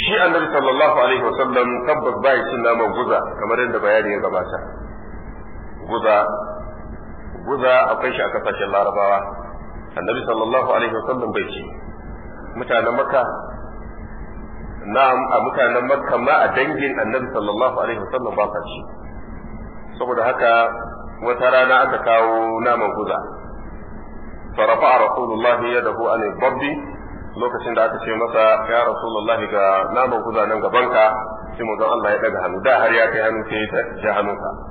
shi annabi sallallahu alaihi wa sallam, tabbas bai cin naman guza kamar yadda bayani ya gabata guza guza akwai shi a kasashen larabawa annabi sallallahu alaihi wasallam bai ci mutanen makka na'am a mutanen makka ma a dangin annabi sallallahu alaihi wasallam ba sa ci saboda haka wata rana aka kawo naman guza farafa rasulullahi yadahu an babbi lokacin da aka ce masa ya rasulullahi ga naman guza nan gabanka sai mu Allah ya daga hannu da har ya kai hannu sai ya ja hannunka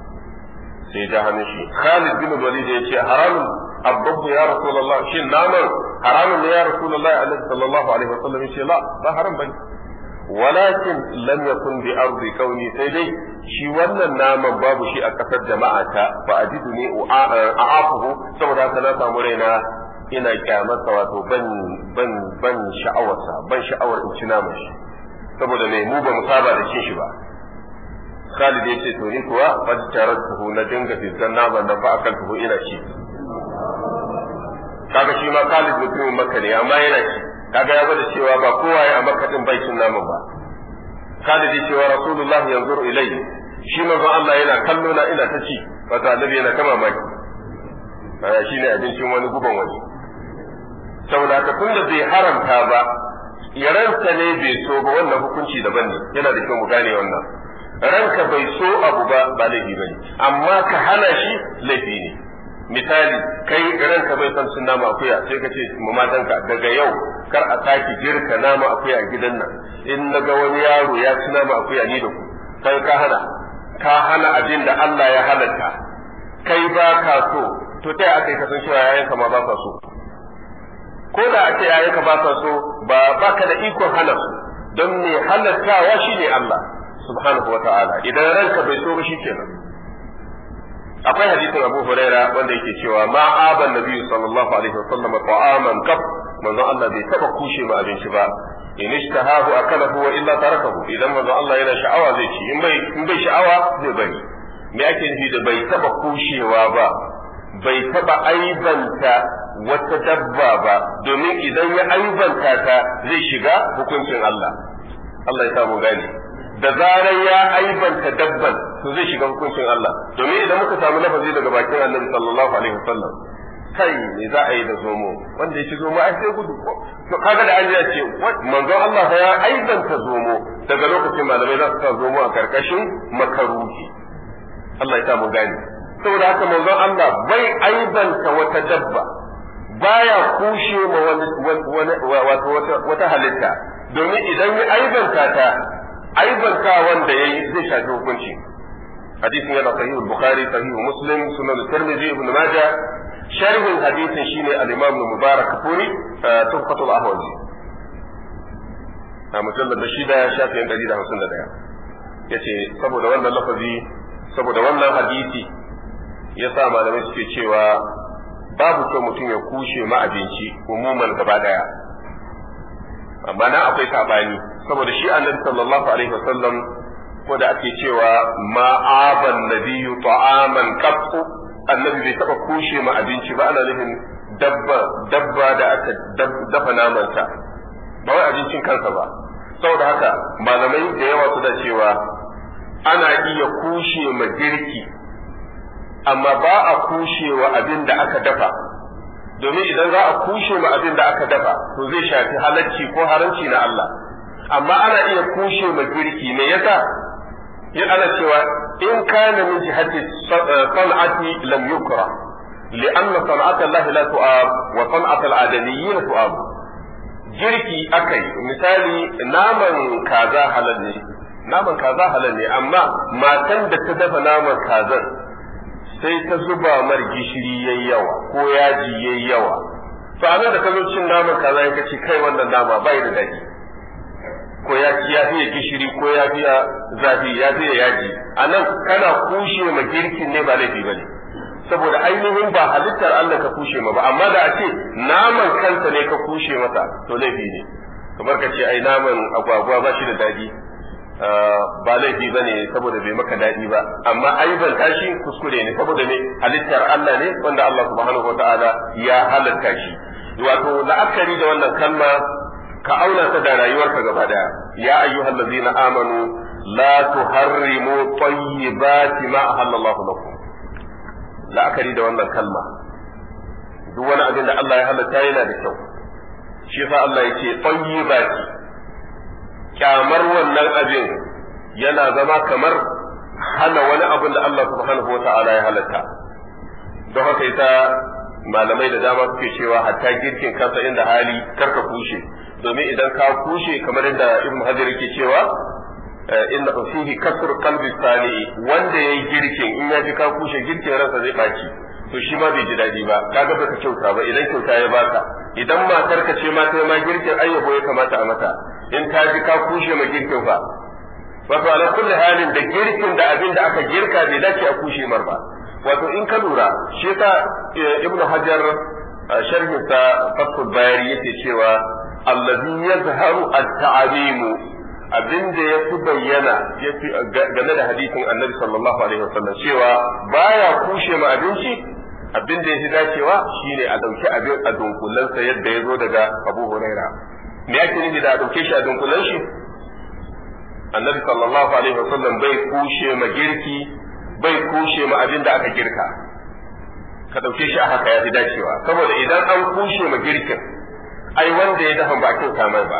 sai ta hannun shi Khalid bin Walid ya ce haramun abbabu ya Rasulullah shin naman haramun ya Rasulullah alaihi sallallahu alaihi wasallam ya ce la ba haram bane walakin lam yakun bi ardi kauni sai dai shi wannan naman babu shi a kasar jama'a ta fa ajidu ni a'afuhu eh, saboda haka na samu raina ina kyamarsa wato ban ban ban sha'awarsa ban sha'awar in ci naman shi saboda me mu ba mu saba da cin shi ba Khalid ya ce to ni kuwa qad tuhu na dinga fiskan na ban fa akaltuhu ina ci kaga shi ma Khalid mutumin Makka ne amma yana ci kaga ya gwada cewa ba kowa ya Makka din bai namu ba Khalid ya ce wa Rasulullah yanzuru ilayhi shi manzo Allah yana kallo na ina ta ci ta annabi yana kama maki shi ne abincin wani guban wani saboda ka tunda bai haramta ba yaransa ne bai so ba wannan hukunci daban ne yana da kyau mu gane wannan ranka bai so abu ba ba laifi bane amma ka hana shi laifi ne misali kai ranka bai san sun nama akuya sai ka ce mamatanka daga yau kar a sake jirka nama akuya a gidan nan in na ga wani yaro ya ci nama akuya ni da ku kai ka hana ka hana abin da Allah ya halatta kai ba ka so to ta aka yi san cewa yayanka ma ba ka so ko da a ce yayanka ba ka so ba ba ka da ikon hana don me shi ne Allah subhanahu wa idan ranka bai so ba shikenan akwai hadisin Abu Huraira wanda yake cewa ma aban nabi sallallahu alaihi wa sallam ta'aman kaf manzo Allah bai taba kushe ma abinci ba in ishtahahu akalahu wa illa tarakahu idan manzo Allah yana sha'awa zai ci in bai in bai sha'awa zai bari me ake nufi da bai taba kushewa ba bai taba aibanta wata dabba ba domin idan ya aibanta ta zai shiga hukuncin Allah Allah ya samu gani da zarar ya aibanta dabban to zai shiga hukuncin Allah domin idan muka samu lafazi daga bakin Annabi sallallahu alaihi wasallam kai ne za a yi da zomo wanda ya ci zomo ai sai gudu to kaga da Allah ya ce manzo Allah ya aibanta zomo daga lokacin malamai za su sa zomo a karkashin makaruhi Allah ya sa mu gane saboda haka manzon Allah bai aibanta wata dabba baya kushe ma wani wata halitta domin idan ya aibanta ta aibanta wanda ya yi zai shafi hukunci hadisin yana sahihul bukhari sahihul muslim sunan tirmidhi ibn majah sharhin hadisin shine al-imam mubarak furi eh, tuhfatul ahwazi a mujallad shida shafin 151 yace saboda wannan lafazi saboda wannan hadisi sa malamai suke cewa babu ko mutum ya kushe ma abinci umuman gaba daya amma na akwai sabani saboda shi annabi sallallahu alaihi wasallam ko da ake cewa ma'aban nabiyyu ta'aman qattu annabi bai taba kushe ma abinci ba ana nufin dabba dabba da aka dafa namanta ba wai abincin kansa ba saboda haka malamai da yawa suna cewa ana iya kushe ma girki amma ba a kushe wa abin da aka dafa domin idan za a kushe ma abin da aka dafa to zai shafi halacci ko haranci na Allah amma ana iya kushe ma ne me yasa in ana cewa in kana min jihati eh, san'ati lam yukra لأن صنعة الله لا تؤاب وصنعة الآدميين تؤاب girki akai misali naman kaza halal ne naman kaza halal ne amma matan da ta dafa naman kazan sai ta zuba mar gishiri yayi yawa ko yaji yayi yawa to da ka zo cin naman kaza ya kaci kai wannan nama bai da daɗi ko ya ci ya fiye gishiri ko ya fiye zafi ya fiye yaji a nan kana kushe ma girkin ne ba laifi ba ne saboda ainihin ba halittar Allah ka kushe ma ba amma da a ce naman kansa ne ka kushe masa to laifi ne kamar ka ce ai naman agwagwa ba shi da daɗi ah, ba laifi ba ne saboda bai maka daɗi ba amma ban tashi kuskure ne saboda ne halittar Allah ne wanda Allah subhanahu wa ta'ala ya halatta shi wato la'akari da wannan kalma ka auna ta da rayuwarka gaba daya ya ayyuhal ladzina amanu la tuharrimu tayyibati ma ahallallahu lakum la'akari da wannan kalma duk wani abin da Allah ya halatta yana da kyau shi fa Allah yake tayyibati kyamar wannan abin yana zama kamar hana wani abin da Allah subhanahu wata'ala ya halatta don haka yasa malamai da dama suke cewa hatta girkin kansa inda hali karka kushe domin idan ka kushe kamar yadda ibn hajar yake cewa eh, inna fihi kasr qalbi sani wanda yayi girkin in ya ji ka kushe girkin ransa zai baci to shi ma bai ji dadi ba kaga baka kyauta ba idan kyauta ya baka idan matar ka ce ma kai ma girkin ayyabo ya kamata a mata in ta ji ka kushe ma girkin fa wato ala kulli halin da girkin da abin da aka girka bai dace a kushe mar ba wato in ka lura shi yasa eh, ibnu hajar sharhin sa fathul bayari yake cewa allazi yazharu at-ta'limu abin da ya fi bayyana game da hadisin annabi sallallahu alaihi wasallam cewa baya kushe ma abinci abin da ya fi dacewa shine a dauki abin a dunkulansa yadda ya zo daga Abu Huraira me yake nufi da a dauke shi a dunkulan shi annabi sallallahu alaihi wasallam bai kushe ma girki bai kushe ma abin da aka girka ka dauke shi a haka ya fi dacewa saboda idan an kushe ma girkin ai wanda ya dafa bakin samar ba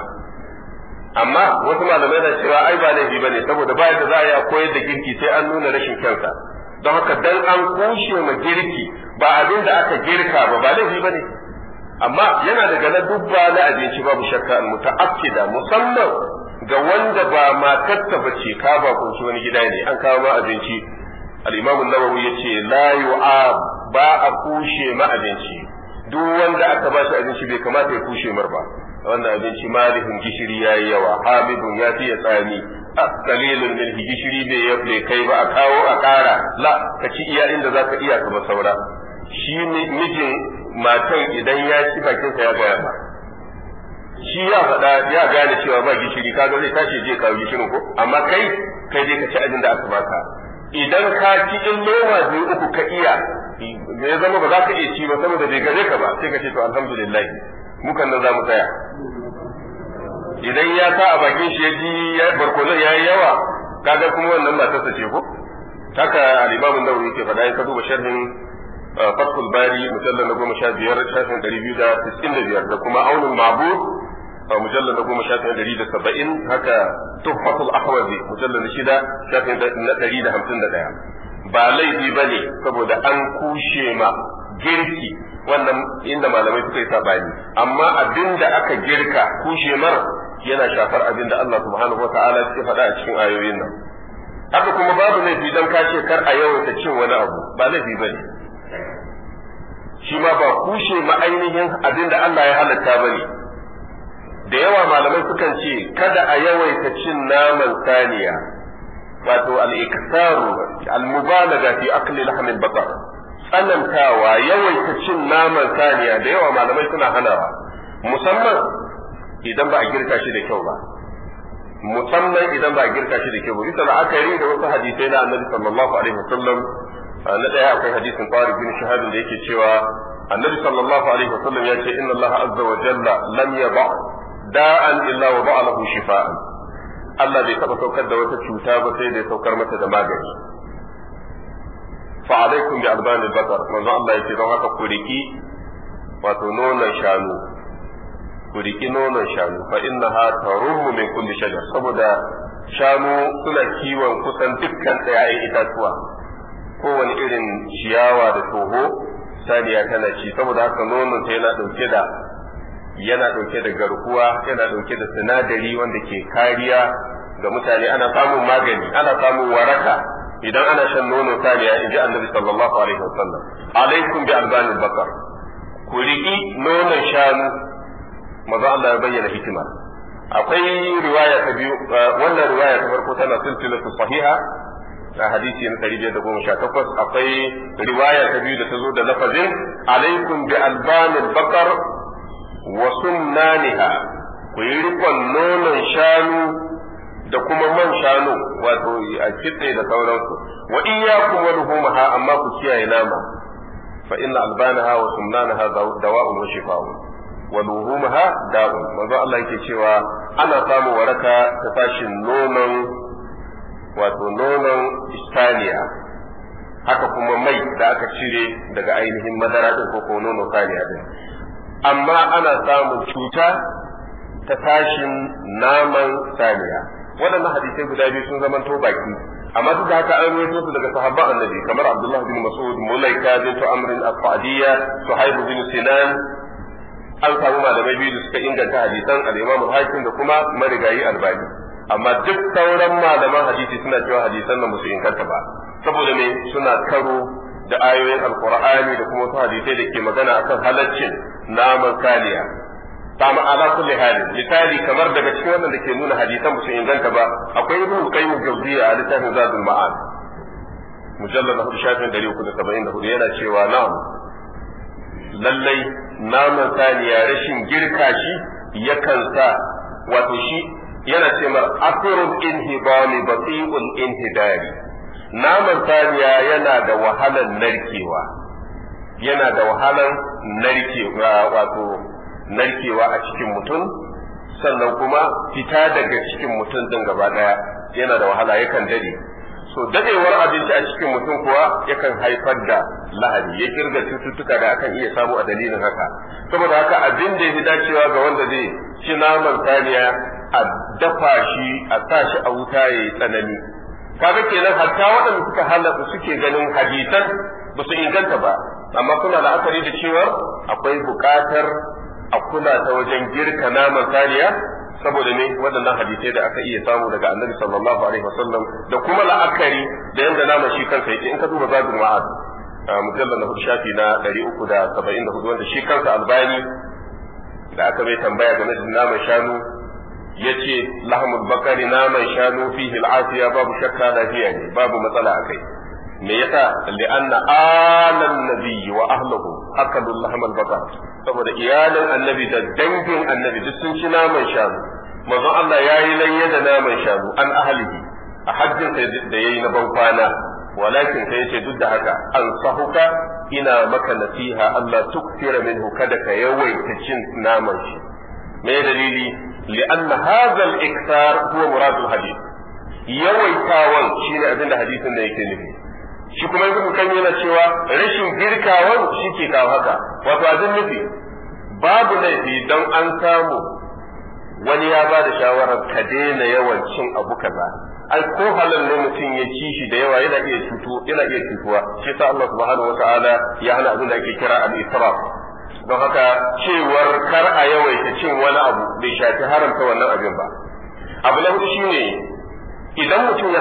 amma wasu malamai na cewa ai ba laifi bane saboda ba da za a yi a koyar da girki sai an nuna rashin kyauta, don haka dan an kushe ma girki ba abin da aka girka ba ba laifi bane amma yana daga na dubba na abinci babu shakka al muta'akkida musamman ga wanda ba matarka ba ce ka ba kunshi wani gida ne an kawo ma abinci al-imamu nawawi yace la yu'ab ba a kushe ma abinci duk wanda aka ba shi abinci bai kamata ya kushe mar ba wanda abinci malihin gishiri ya yi yawa hamidun ya fiye tsami a ah, kalilin min gishiri bai kai ba a kawo a kara la ka ci iya inda za ka iya ka ba saura shi mijin matan idan ya ci bakinsa ya gaya ba shi ya faɗa ya gane cewa ba gishiri kaga zai tashi je kawo gishirin ko amma kai kai dai ka ci abin da aka baka idan ka ci in loma biyu uku ka iya da ya zama ba za ka iya ci ba saboda bai gare ka ba sai ka ce to alhamdulillah mukan nan za mu tsaya idan ya sa a bakin shi ya ji barkonon ya yi yawa kaga kuma wannan matarsa ce ko haka alibabun imamu nawawi yake faɗa ya duba sharhin uh, fathul bari mujallar na goma sha biyar shafin ɗari biyu da sittin da biyar da kuma aunin mabud uh, mujallar na goma shafin ɗari da saba'in haka tuhfatul akhwazi mujallar na shida shafin na ɗari da hamsin da ɗaya ba laifi ba ne saboda an kushe ma girki wannan inda malamai suka yi sabani amma abin da aka girka kushe mar yana shafar abin da Allah subhanahu wa ta'ala ya faɗa a cikin ayoyin nan haka kuma babu laifi dan ka ce kar a yawaita cin wani abu ba laifi ba ne shi ma ba kushe ma ainihin abin da Allah ya halatta ba ne da yawa malamai sukan ce kada a yawaita cin naman saniya wato al-iktaru fi akali lahamin baka tsanantawa yawaita cin naman saniya da yawa malamai suna hanawa musamman idan ba a girka shi da kyau ba musamman idan ba a girka shi da kyau ba bisa la'akari da wasu hadisai na annabi sallallahu alaihi wasallam na daya akwai hadisin fari bin Shahab da yake cewa annabi sallallahu alaihi wasallam ya ce inna Allaha azza wa jalla lam yada da'an illa wa ba'alahu shifa'an Allah bai taɓa saukar da wata cuta ba sai da saukar mata da magani fa alaikum bi albani basar manzo Allah ya ce don haka ku riki wato nonon shanu ku riki nonon shanu fa innaha tarummu mai kulli shagar. saboda shanu suna kiwon kusan dukkan tsayayen itatuwa kowane irin ciyawa da toho saniya tana ci saboda haka nonon ta yana ɗauke da yana ɗauke da garkuwa yana ɗauke da sinadari wanda ke kariya ga mutane ana samun magani ana samun waraka idan ana shan nono saniya in ji annabi sallallahu alaihi wasallam alaikum bi albanil bakar ku riki nonon shanu maza Allah ya bayyana hikima akwai riwaya ta biyu eh, wannan riwaya ta farko tana silsilatu sahiha a hadisi na ɗari biyar da goma sha takwas akwai riwaya ta biyu da ta zo da lafazin alaikum bi albanil bakar wa sunnaniha ku yi rikon nonon shanu da kuma man shanu wato a kitse da sauransu wa iyyakum wa luhumaha amma ku kiyaye nama fa inna albanaha wa sumnanaha dawa'un wa shifa'un wa luhumaha da'un manzo Allah yake cewa ana samu waraka ta fashin nonon wato nonon istaniya haka kuma mai da aka cire daga ainihin madara din ko nono saniya din amma ana samun cuta ta tashin naman saniya waɗannan hadisai guda biyu sun to baki amma duk da haka an rawaito su daga sahabban annabi kamar Abdullahi bin Mas'ud Mulaika bintu amrin al-Qadiyya Suhaib bin Sinan an samu malamai biyu da suka inganta hadisan al-Imam Hakim da kuma marigayi Albani amma duk sauran malaman hadisi suna cewa hadisan nan musu inganta ba saboda ne suna karo da ayoyin alqur'ani da kuma wasu hadisai da ke magana akan halaccin naman saniya ba ma'ana kulli hali misali kamar daga cikin wannan da ke nuna hadisan ba su inganta ba akwai ibn qayyim jawziya a littafin zadul ma'ad mujallad na hudu shafin dari uku da saba'in da hudu yana cewa na'am lallai naman saniya rashin girka shi yakan sa wato shi yana ce mar asirun inhibami basi'un inhidari naman saniya yana da wahalan narkewa yana da wahalar wato narkewa a cikin mutum sannan kuma fita daga cikin mutum din gaba daya yana da wahala yakan dade so dadewar abinci a cikin mutum kuwa yakan haifar da lahani ya kirga cututtuka da akan iya samu a dalilin haka saboda haka abin da ya dacewa ga wanda zai ci naman saniya a dafa shi a sa shi a wuta ya yi tsanani kaga kenan hatta waɗanda suka halaka suke ganin hadisan ba su inganta ba amma kuna la'akari da cewa akwai buƙatar a kula ta wajen girka naman saniya saboda ne waɗannan hadisai da aka iya samu daga annabi sallallahu alaihi wasallam da kuma la'akari da yanda naman shi kansa yake in ka duba zabin wa'ad mujallal na shafi na ɗari uku da saba'in da wanda shi kansa albani da aka bai tambaya game da naman shanu ya ce lahmul bakari naman shanu fihi al'afiya babu shakka lafiya ne babu matsala a kai me yasa li'anna alan nabiyyi wa ahlihi akalu lahmal bakar saboda iyalan annabi da dangin annabi duk sun ci naman shanu manzon Allah yayi lanye da naman shanu an ahlihi a hajjin sai da yayi na bankwana walakin sai yace duk da haka an sahuka ina maka nasiha Allah tukfira minhu kada ka yawaita cin naman shi me dalili li'anna hadha al iktar huwa murad al-hadith yawaitawan shine abinda hadisin da yake nufi shi kuma yanzu kan yana cewa rashin girkawar shi ke kawo haka wato abin nufi babu laifi don an samu wani ya ba da shawarar ka daina yawan cin abu kaza ai ko halin ne mutum ya ci shi da yawa yana iya cutu yana iya cutuwa shi sa Allah subhanahu wataala ya hana abin da ake kira al-israf don haka cewar kar a yawaita cin wani abu bai shafi haramta wannan abin ba abu na hudu shine idan mutum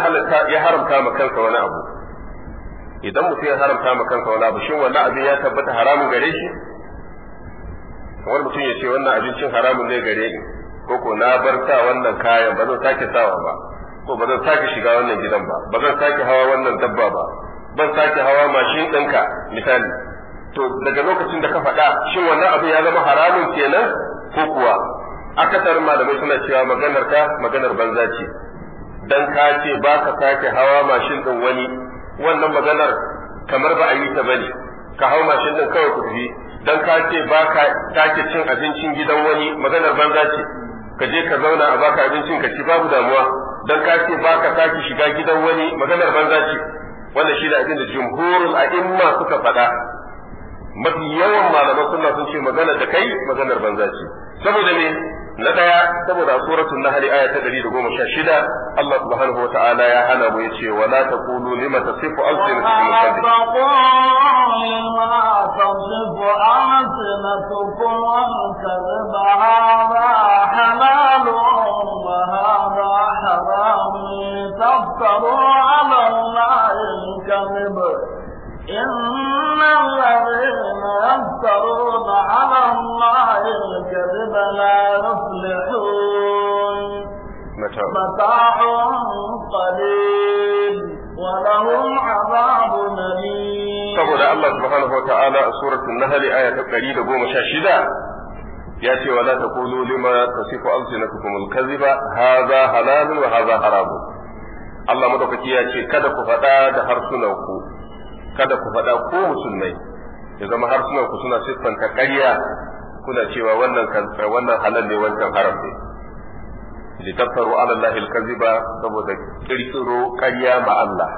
ya haramta ma kansa wani abu idan mutum ya haramta ma kansa wani abu shin wannan abin ya tabbata haramun gare shi kamar mutum ya ce wannan abincin haramun ne gare ni ko ko na bar sa wannan kayan ba zan sake sawa ba ko ba zan sake shiga wannan gidan ba ba zan sake hawa wannan dabba ba ban sake hawa mashin ɗinka misali to daga lokacin da ka faɗa shin wannan abu ya zama haramun kenan ko kuwa akasarin malamai suna cewa maganar ka maganar banza ce dan ka ce ba ka sake hawa mashin ɗin wani wannan maganar kamar ba a yi ta bane ka hau mashin din kawai ku tafi dan ka ce ba ka take cin abincin gidan wani maganar banza ce ka je ka zauna a baka abincin ka ci babu damuwa dan ka ce ba ka take shiga gidan wani maganar banza ce wannan shi da abin da jumhurul a'imma suka faɗa mafi yawan malaman sunna sun ce maganar da kai maganar banza ce saboda ne. na daya saboda suratul nahl aya ta 116 Allah subhanahu wataala ya hana mu yace wala taqulu lima tasifu alsinatukum kadhib lima tasifu alsinatukum kadhib hadha halalun wa hadha haram taftaru ala allahi kadhib إن متاع قليل ولهم عذاب أليم saboda Allah subhanahu wa ta'ala a suratul nahl aya ta 116 ya ce wala taqulu lima tasifu alsinatukum alkaziba hadha halalun wa hadha haramun Allah madaukaki ya ce kada ku faɗa da ku. kada ku faɗa ko musulmai ya zama harsunan ku suna siffanta ƙarya kuna cewa wannan wannan halal ne wancan haram ne litaftaru ala Allah alkaziba saboda kirkiro ƙarya ma Allah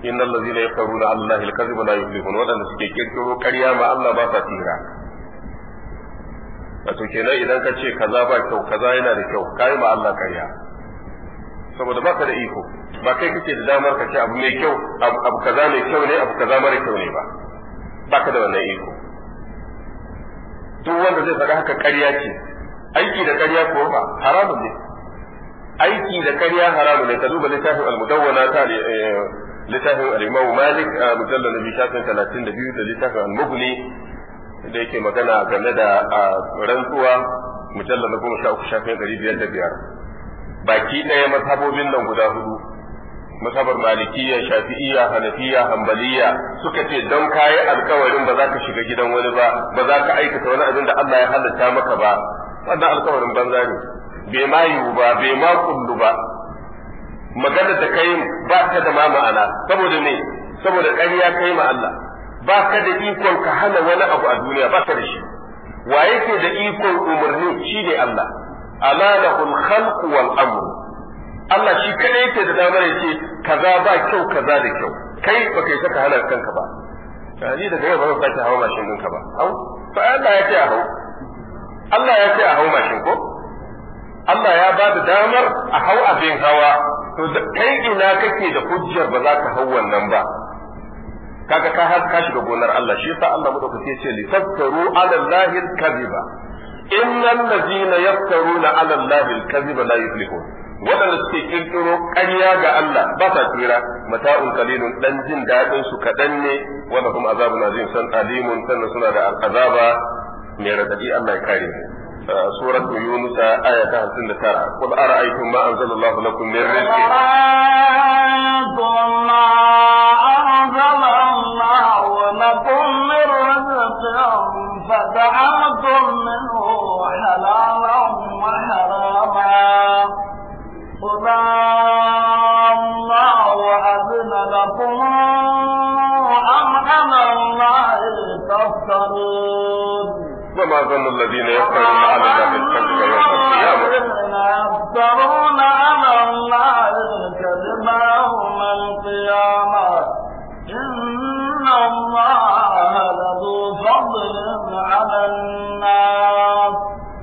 innal ladzina yaftaruna ala Allah alkaziba la yuflihun wadanda suke kirkiro ƙarya ma Allah ba sa tsira wato kenan idan ka ce kaza ba kyau kaza yana da kyau kai ma Allah ƙarya saboda baka da iko ba kai kake da damar ka ce abu mai kyau abu kaza mai kyau ne abu kaza mara kyau ne ba baka da wannan iko duk wanda zai faɗa haka ƙarya ce aiki da ƙarya ko ba haramun ne aiki da ƙarya haramun ne ka duba littafin al-mudawwana ta eh, littafin al-Imam Malik a mujallal nabi shafin 32 da littafin al-Mughni da yake magana game da rantsuwa mujallal na uku shafin biyar. baki ɗaya mazhabobin nan guda hudu masabar malikiya shafi'iya hanafiya hambaliya suka ce don kayi alkawarin ba za ka shiga gidan wani ba ba za ka aikata wani abin da Allah ya halatta maka ba wannan alkawarin banza ne bai ma yiwu ba bai ma kullu ba magana da kai ba ta da ma ma'ana saboda me saboda ƙarya kai ma Allah ba ka da ikon ka hana wani abu a duniya ba ka da shi wa ke da ikon umarni shi ne Allah ala lahul khalq wal amr Allah shi kadai yake da damar ya ce kaza ba kyau kaza da kyau kai ba kai saka halar kanka ba ni daga yau ba zan sake hawa mashin ɗinka ba au fa Allah ya ce a hau Allah ya ce a hau mashin ko Allah ya ba da damar a hau abin hawa to kai ina kake da hujjar ba za ka hau wannan ba kaga ka har ka shiga gonar Allah shi yasa Allah madaukake ce li tafkaru ala Allahi al-kadhiba innal ladina yaftaruna ala Allahi al-kadhiba la yuflihun waɗanda suke kirkiro ƙarya ga Allah ba sa tsira mata'un qalilun dan jin dadin su kadan ne wanda kuma azabun azim san alimun sannan suna da azaba mai radadi Allah ya kare سورة يونس آية 59 قل أرأيتم ما أنزل الله لكم من رزق أرأيتم ما أنزل الله لكم من رزق فجعلتم منه حلالا وحراما قل الله أذن لكم أم أنا الله تفترون وما ظن الذين يفترون على الله الكذب يوم القيامة يفترون على الله الكذب يوم القيامة إن الله لذو فضل على الناس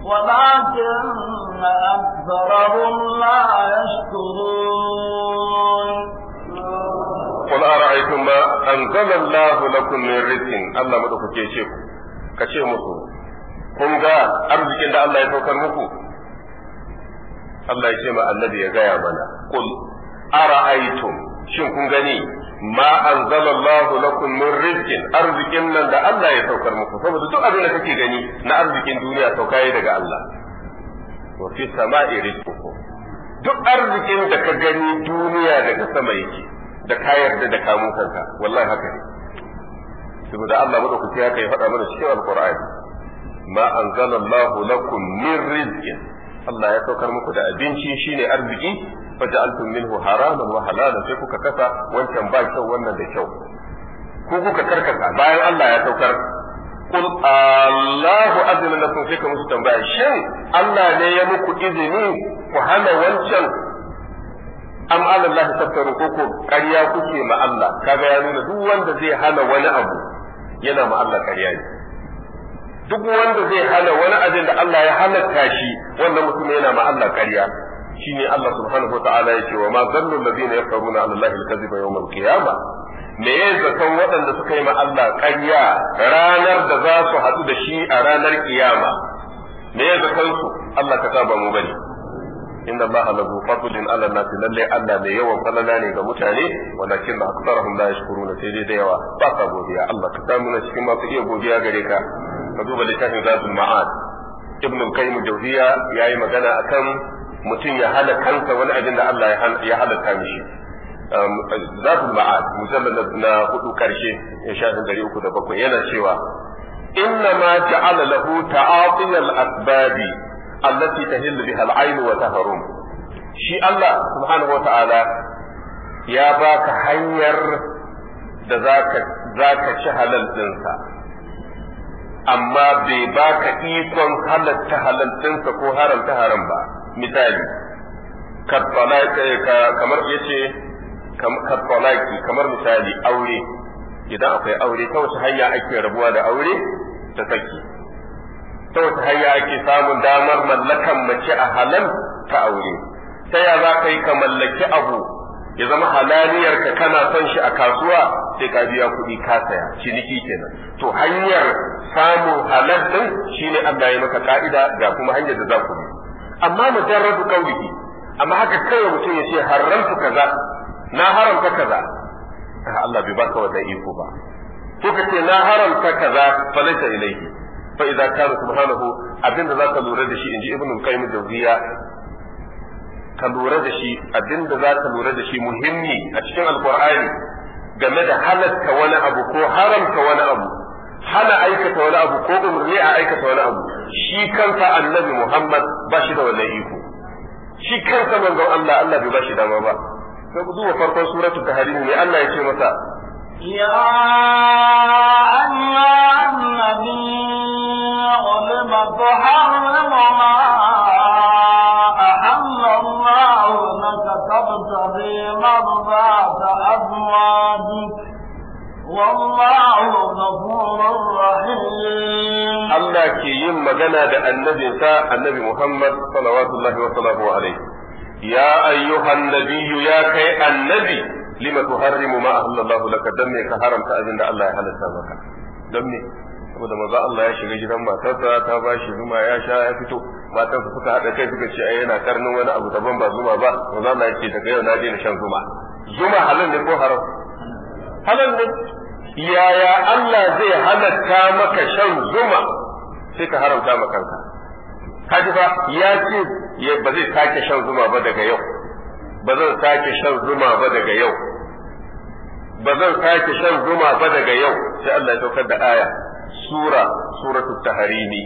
ولكن أكثرهم لا يشكرون قل أرأيتم ما أنزل الله لكم من رزق الله مدوك كيشيك kun ga arzikin da Allah ya saukar muku Allah ya ce ma annabi ya gaya mana qul ara'aytum shin kun gani ma anzalallahu lakum min rizqin arzikin nan da Allah ya saukar muku saboda duk abin da kake gani na arzikin duniya sauka yi daga Allah wa fi sama'i rizqukum duk arzikin da ka gani duniya daga sama yake da ka yarda da kamun kanka wallahi haka ne saboda Allah madaukaki haka ya faɗa mana cikin alqur'ani ma anzalallahu lakum min rizqin Allah ya saukar muku da abinci shine arziki faj'altum minhu haraman wa halalan sai kuka kasa wancan ba kyau wannan da kyau ko kuka karkasa bayan Allah ya saukar kul Allahu azina lakum sai ka musu tambaya shin Allah ne ya muku izini ku hana wancan am ala Allah ko ko kuke ma Allah kaga ya nuna duk wanda zai hana wani abu yana ne duk wanda zai hana wani abin da Allah ya halatta shi wannan mutum yana ma Allah ƙarya shine Allah subhanahu wataala yake wa ma zannu alladhina yaftaruna ala allahi alkadhiba yawm alqiyama me ya zaton waɗanda suka yi ma Allah ƙarya ranar da za su haɗu da shi a ranar kiyama me ya zaton su Allah ka saba mu bane inna allaha lahu fadlun ala nasi lalle Allah mai yawan falala ne ga mutane walakin aktsarahum la yashkuruna sai dai da yawa ba sa godiya Allah ka samu na cikin masu iya godiya gare ka ka duba littafin zatul ma'ad ibn al-qayyim jawziya yayi magana akan mutum ya hana kansa wani abin da Allah ya halatta mishi um, zafin ma'ad musamman na hudu karshe ya shafin dari uku da bakwai yana cewa inna ma ja'ala lahu ta'atiyal asbabi allati tahillu biha al-ayn wa tahrum shi Allah subhanahu wa ta'ala ya baka hanyar da zaka zaka ci halal dinsa amma bai baka ikon halatta halal dinsa ko haramta haram ba misali eh, kamar yace kattalaki kamar misali aure idan akwai aure ta wasu hanya ake rabuwa da aure ta saki ta wasu hanya ake samun damar mallakan mace a halal ta aure ta ya za ka yi ka mallaki abu ya zama halaliyar ka kana son shi a kasuwa sai ka biya kuɗi ka saya ciniki kenan to hanyar samun halal din shine Allah ya maka ka'ida ga kuma hanyar da za ku bi amma mujarradu qawlihi amma haka kawai mutum ya ce haramtu kaza na haramta kaza ah, Allah bai baka wata iko ba to kace na haramta kaza falaita ilaihi fa idza kana subhanahu abinda zaka lura da shi inji ibnu qayyim jawziya ka lura da shi abinda zaka lura da shi muhimmi a cikin alqur'ani game da halatta wani abu ko haramta wani abu hana aikata wani abu ko umarni a aikata wani abu shi kansa annabi Muhammad ba shi da wani iko shi kansa manzon Allah Allah bai ba shi dama ba sai ku duba farkon suratul tahrim ne Allah ya ce masa ya ayyuhan nabi qul ma tuharrimu ma ahalla Allah laka tabtaghi mardata azwajika والله ke yin magana da يم مغنى ده النبي النبي محمد صلوات annabi وسلامه عليه يا أيها النبي يا كي النبي لما تحرم ما أهل الله لك دمي كهرم تأذن الله على سامك دمي saboda maza Allah ya shiga gidan matarsa ta ba shi zuma ya sha ya fito matarsa suka hada kai suka ce ai yana karnin wani abu daban ba zuma ba maza Allah ce daga yau na na shan zuma zuma halal ne ko haram halal ne yaya Allah zai halatta maka shan zuma sai ka haramta maka kanka kaji fa ya ce ba zai sake shan zuma ba daga yau ba zan sake shan zuma ba daga yau ba zan sake shan zuma ba daga yau sai Allah ya saukar da aya sura suratul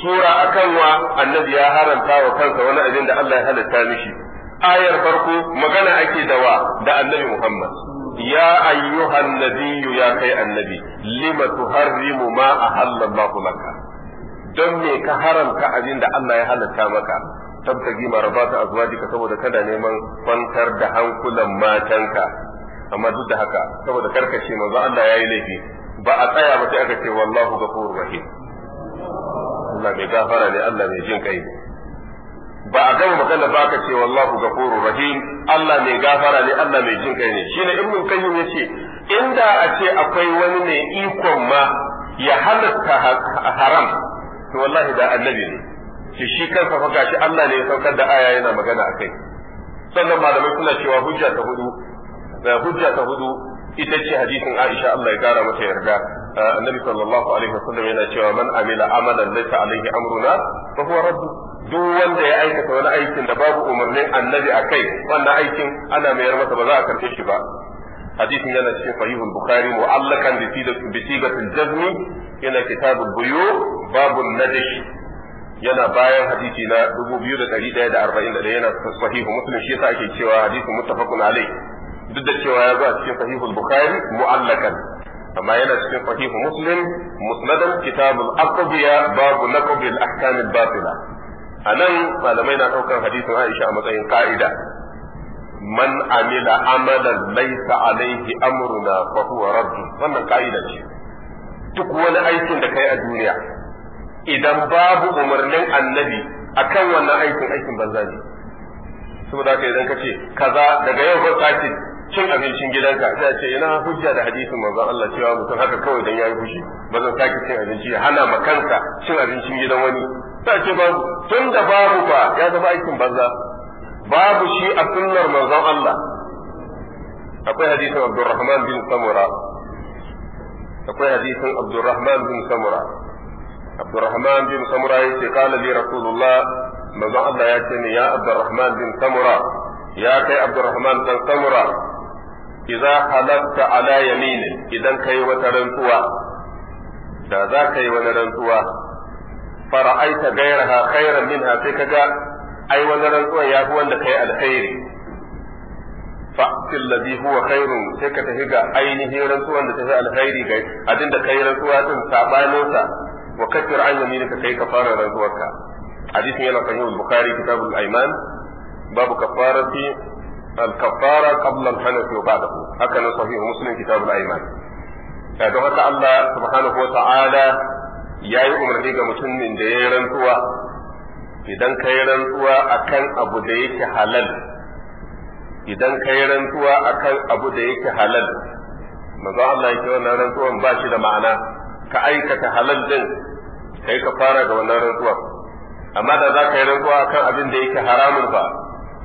sura akan wa annabi ya haramta wa kansa wani abin da Allah ya halatta mishi ayar farko magana ake da wa da annabi Muhammad ya ayyuhan nabiyyu ya kai annabi lima tuharrimu ma a Allah laka don me ka haramta abinda Allah ya halatta maka tabtagi marabata azwajika saboda kada neman kwantar da hankulan matanka amma duk da haka saboda karkace manzo Allah yayi laifi ba a tsaya ba sai aka ce wallahu ghafurur rahim Allah mai gafara ne Allah mai jin kai ba a gama makallafa aka ce wallahu ghafurur rahim Allah mai gafara ne Allah mai jin kai ne shine ibnu qayyim yace inda a ce akwai wani ne ikon ma ya halatta haram to wallahi da annabi ne shi shi kansa fa gashi Allah ne ya saukar da aya yana magana akai sannan malamai suna cewa hujja ta hudu eh, hujja ta hudu ita ce hadisin Aisha Allah ya kara mata yarda eh, annabi sallallahu alaihi wasallam yana cewa man amila amalan laysa alaihi amruna fa huwa raddu duk wanda ya aikata wani aikin da babu umarnin annabi a kai wannan aikin ana mayar masa ba za a karfe shi ba hadisin yana cikin sahihul bukhari mu'allakan bi sigatil jazmi yana kitabul buyu babun nadish yana bayan hadisi na 2141 yana sahihu muslim shi yasa ake cewa hadisin muttafaqun alai duk da cewa ya zo a cikin sahihul bukhari mu'allakan amma yana cikin sahihu muslim musnadan kitabul aqdiya babu naqdil ahkamil batila a nan malamai na ɗaukar hadisin Aisha a matsayin ƙa'ida. man amila amalan laisa alaihi amruna fa huwa wannan ka'ida ce duk wani aikin da kai a duniya idan babu umarnin annabi akan wannan aikin aikin banza ne saboda haka idan kace kaza daga yau ban sake cin abincin gidanka sai ce yana hujja da hadisin manzon Allah cewa mutum haka kawai dan yayi fushi ba zan sake cin abinci hana makanka cin abincin gidan wani sai ce babu tun da babu ba ya zama aikin banza babu shi a sunnar manzon Allah akwai hadisin Abdurrahman bin Samura akwai hadisin Abdurrahman bin Samura Abdurrahman bin Samura yace qala li Rasulullah manzon Allah ya ce ni ya Abdurrahman bin Samura ya kai Abdurrahman bin Samura idza halatta ala yamin idan kai wata rantsuwa da za ka yi wani rantsuwa fara'aita gairaha khairan ha sai kaga ai wani rantsuwa ya fi wanda kai alkhairi fa'til ladhi huwa khairun sai ka tafi ga ainihin rantsuwan da tafi alkhairi ga abinda kai rantsuwa din sabanin sa wa kafir an ka kai ka fara rantsuwarka hadisin yana sahih al-bukhari kitabul aiman babu kafarati al-kafara qabla al-hanafi wa ba'dahu haka nan sahih muslim kitabul ayman don haka Allah subhanahu wa ta'ala ya yi umarni ga mutumin da ya yi rantsuwa idan ka yi rantsuwa a kan abu da yake halal idan ka yi rantsuwa a kan abu da yake halal maza Allah yake wannan rantsuwan ba shi da ma'ana ka aikata halal din kai ka fara ga wannan rantsuwan amma da za ka yi rantsuwa a kan abin da yake haramun ba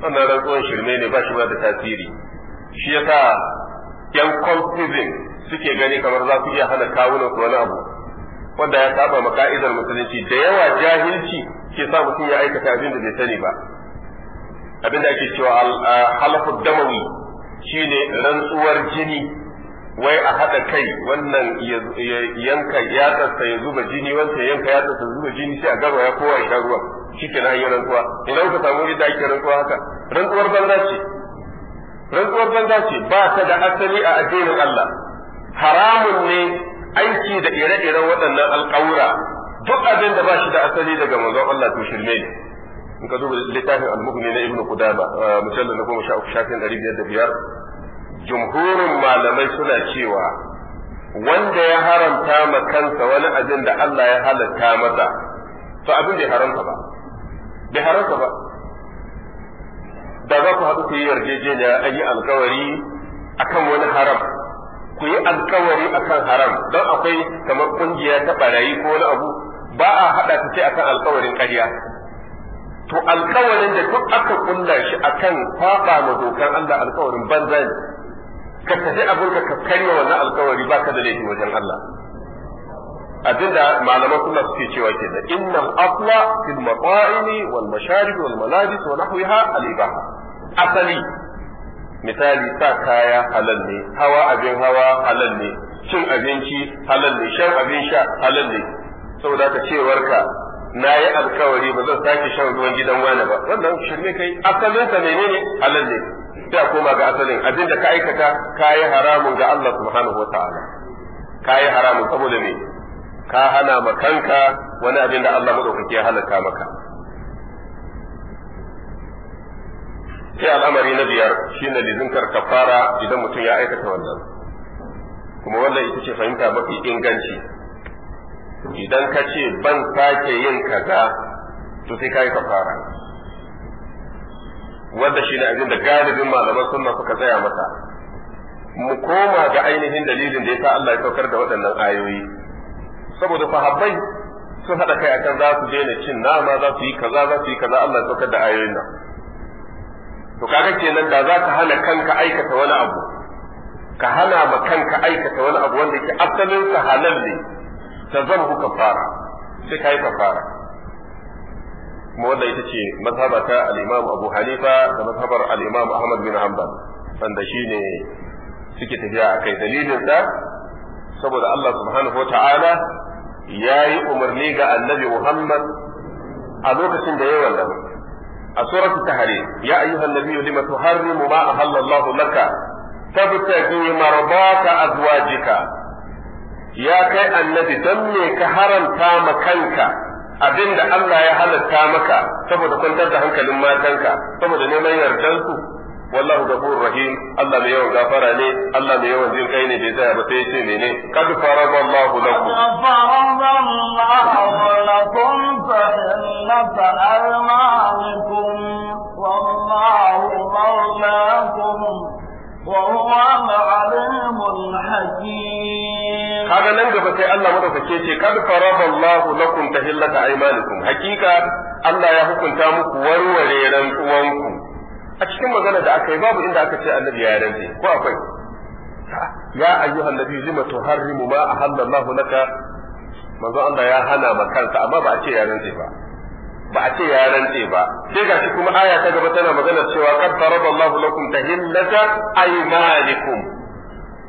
wannan rantsuwan shirme ne ba shi ba da tasiri shi yasa yan kwamfizin suke gani kamar za su iya hana kawunan su wani abu wanda ya saba ma ka'idar musulunci da yawa jahilci ke sa mutum ya aikata abin da bai sani ba abin da ake cewa halafu damawi shine rantsuwar jini wai a haɗa kai wannan yanka yatsarsa ya zuba jini wanda yanka ya zuba jini sai a gaba ya kowa ya ruwa shi ke hanyar rantsuwa idan ka samu yadda ake rantsuwa haka rantsuwar banza ce rantsuwar banza ce ba ta da asali a addinin Allah haramun ne aiki da ire-iren waɗannan alƙawura duk abin da ba shi da asali daga manzon Allah to shirme ne in ka duba littafin al-mughni na ibnu qudama mujallal na goma sha uku shafin ɗari biyar da biyar jumhurin malamai suna cewa wanda ya haramta ma kansa wani abin da Allah ya halatta masa to abin bai haramta ba bai haramta ba da za ku haɗu ku yi yarjejeniya a yi alkawari akan wani haram ku yi alkawari akan haram don akwai kamar kungiya ta barayi ko wani abu ba a haɗa ta ce akan alkawarin ƙarya to alkawarin da duk aka kulla shi akan faɗa ma dokar Allah alkawarin banza ne ka tafi abinka ka karya wannan alkawari ba ka da laifi wajen Allah abinda malaman sunna suke cewa kenan innal afla fil mata'imi wal masharib wal malabis wa nahwiha al ibaha asali misali sa kaya halal ne hawa abin hawa halal ne cin abinci halal ne shan abin sha halal ne saboda ka ka na yi alkawari ba zan sake shan ruwan gidan wani ba wannan shirme kai asalinsa menene halal ne sai koma ga asalin abin da ka aikata ka haramun ga Allah subhanahu wataala haramun saboda me ka hana ma kanka wani abin da Allah madaukake ya halaka maka sai al'amari na biyar shi ne lizinkar kafara idan mutum ya aikata wannan kuma wannan ita ce fahimta mafi inganci idan ka ce ban sake yin kaza to sai ka yi kafara wanda shi ne abin da galibin malaman sunna suka tsaya masa mu koma ga ainihin dalilin da ya sa Allah ya saukar da waɗannan ayoyi saboda fahabbai sun haɗa kai akan za su daina cin nama za su yi kaza za su yi kaza Allah ya saukar da ayoyin nan to kaga kenan da za ka hana kanka aikata wani abu ka hana ma kanka aikata wani abu wanda ke asalin sa halal ne ta zan kafara sai kai kuma wanda ita ce mazhaba ta al-Imam Abu Hanifa da mazhabar al-Imam Ahmad bin Hanbal wanda shine suke tafiya akai dalilin sa saboda Allah subhanahu wata'ala ya yi umarni ga annabi Muhammad a lokacin da ya wannan a ta tahare ya ayyuhan nabiyyu lima tuharrimu ma ahallallahu laka tabtagi marbata azwajika ya kai annabi dan me ka haramta ma kanka abinda Allah ya halatta maka saboda kwantar da hankalin matanka saboda neman yardansu wallahu ghafurur rahim Allah mai yawan gafara ne Allah mai yawan jin kai ne bai tsaya ba sai ce mene kad faradallahu lakum faradallahu lakum fa innaka almanikum wallahu mawlakum wa huwa al-alimul hakim kaga nan gaba sai Allah madaukake ce kad faradallahu lakum tahillata aymanikum hakika Allah ya hukunta muku warware rantsuwanku a cikin magana da aka yi babu inda aka ce annabi ya rantse ko akwai ya ayyuhan nabi lima tuharrimu ma ahalla Allahu laka manzo Allah ya hana ma kansa amma ba a ce ya rantse ba ba a ce ya rantse ba sai shi kuma aya ta gaba tana magana cewa qad farada Allahu lakum tahillata aymanikum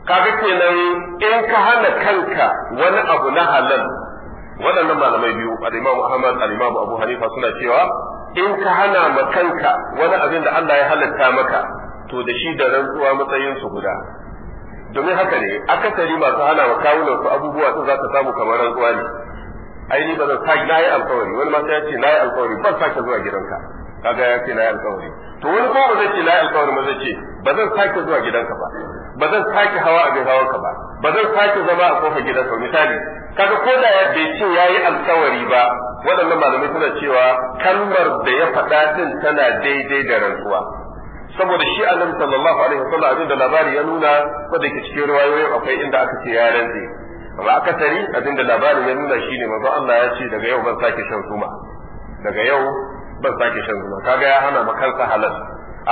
kaga kenan in ka hana kanka wani abu na halal waɗannan malamai biyu al-Imam Ahmad al-Imam Abu Hanifa suna cewa in ka hana ma kanka wani abin da Allah ya halatta maka to da shi da rantsuwa matsayin su guda domin haka ne akasari masu hana wa kawunan su abubuwa sun za ka samu kamar rantsuwa ne aini ba zan sake nayi alkawari wani ma sai ya ce nayi alkawari ban sake zuwa gidanka kaga ya ce nayi alkawari to wani kuma ba zai ce nayi alkawari ba zai ce ba zan sake zuwa gidanka ba ba zan sake hawa a hawanka ba ba zan sake zama a kofar gidanka misali kaga ko da bai ce yayi alkawari ba waɗannan malamai suna cewa kalmar da ya faɗa din tana daidai da rantsuwa saboda shi annabi sallallahu alaihi wasallam abin da labari ya nuna wanda ke cikin riwayoyin akwai inda aka ce ya rantse amma akasari abin da labarin ya nuna shine manzo Allah ya ce daga yau ban sake shan zuma daga yau ban sake shan zuma kaga ya hana makansa halal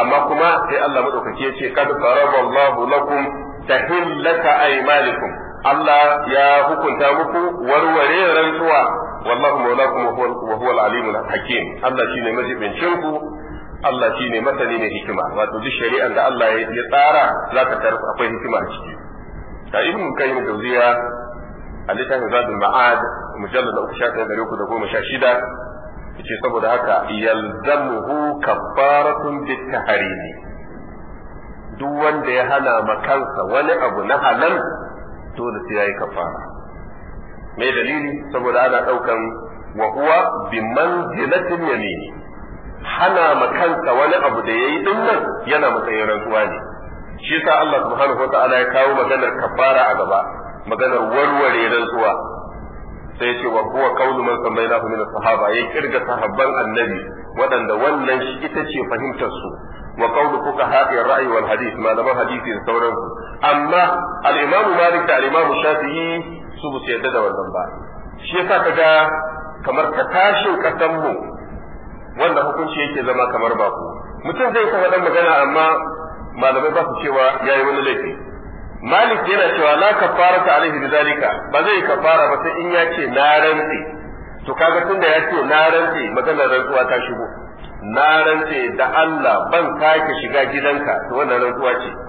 amma kuma sai Allah madaukaki ya ce kad faraballahu lakum tahillata aymalikum Allah ya hukunta muku warware rantsuwa wallahu mawlakum wa huwa al-alimul hakim Allah shine majibincin ku Allah shine masani ne hikima wato duk shari'ar da Allah ya tsara za ka tarfa akwai hikima a ciki ta ibn kayyim jawziya a littafin zadul ma'ad mujallad 316 yace saboda haka yalzamuhu kaffaratun bitahrimi duk wanda ya hana kansa wani abu na halal dole sai yayi kafara mai dalili saboda ana ɗaukan wa huwa bi manzilatin yamini hana makansa wani abu da yayi dinnan nan yana matsayin rantsuwa ne shi yasa Allah subhanahu wataala ya kawo maganar kafara a gaba maganar warware rantsuwa sai ce wa huwa qawlu man sammaynahu min as-sahaba ya kirga sahabban annabi waɗanda wannan shi ita ce fahimtar su wa qawlu kuka haɗin ra'ayi wal hadith malaman hadisi da sauransu amma al-imamu malik da al-imamu shafi'i su ba su yarda da wannan ba shi yasa ka ga kamar ka tashin kasan mu wannan hukunci yake zama kamar baku mutum zai ta dan magana amma malamai ba su cewa yayi wani laifi malik yana cewa la kafara ta alaihi bidalika ba zai kafara ba sai in ya ce na rantsi to kaga tunda ya ce na rantsi maganar rantsuwa ta shigo na rantse da Allah ban sake shiga gidanka to wannan rantsuwa ce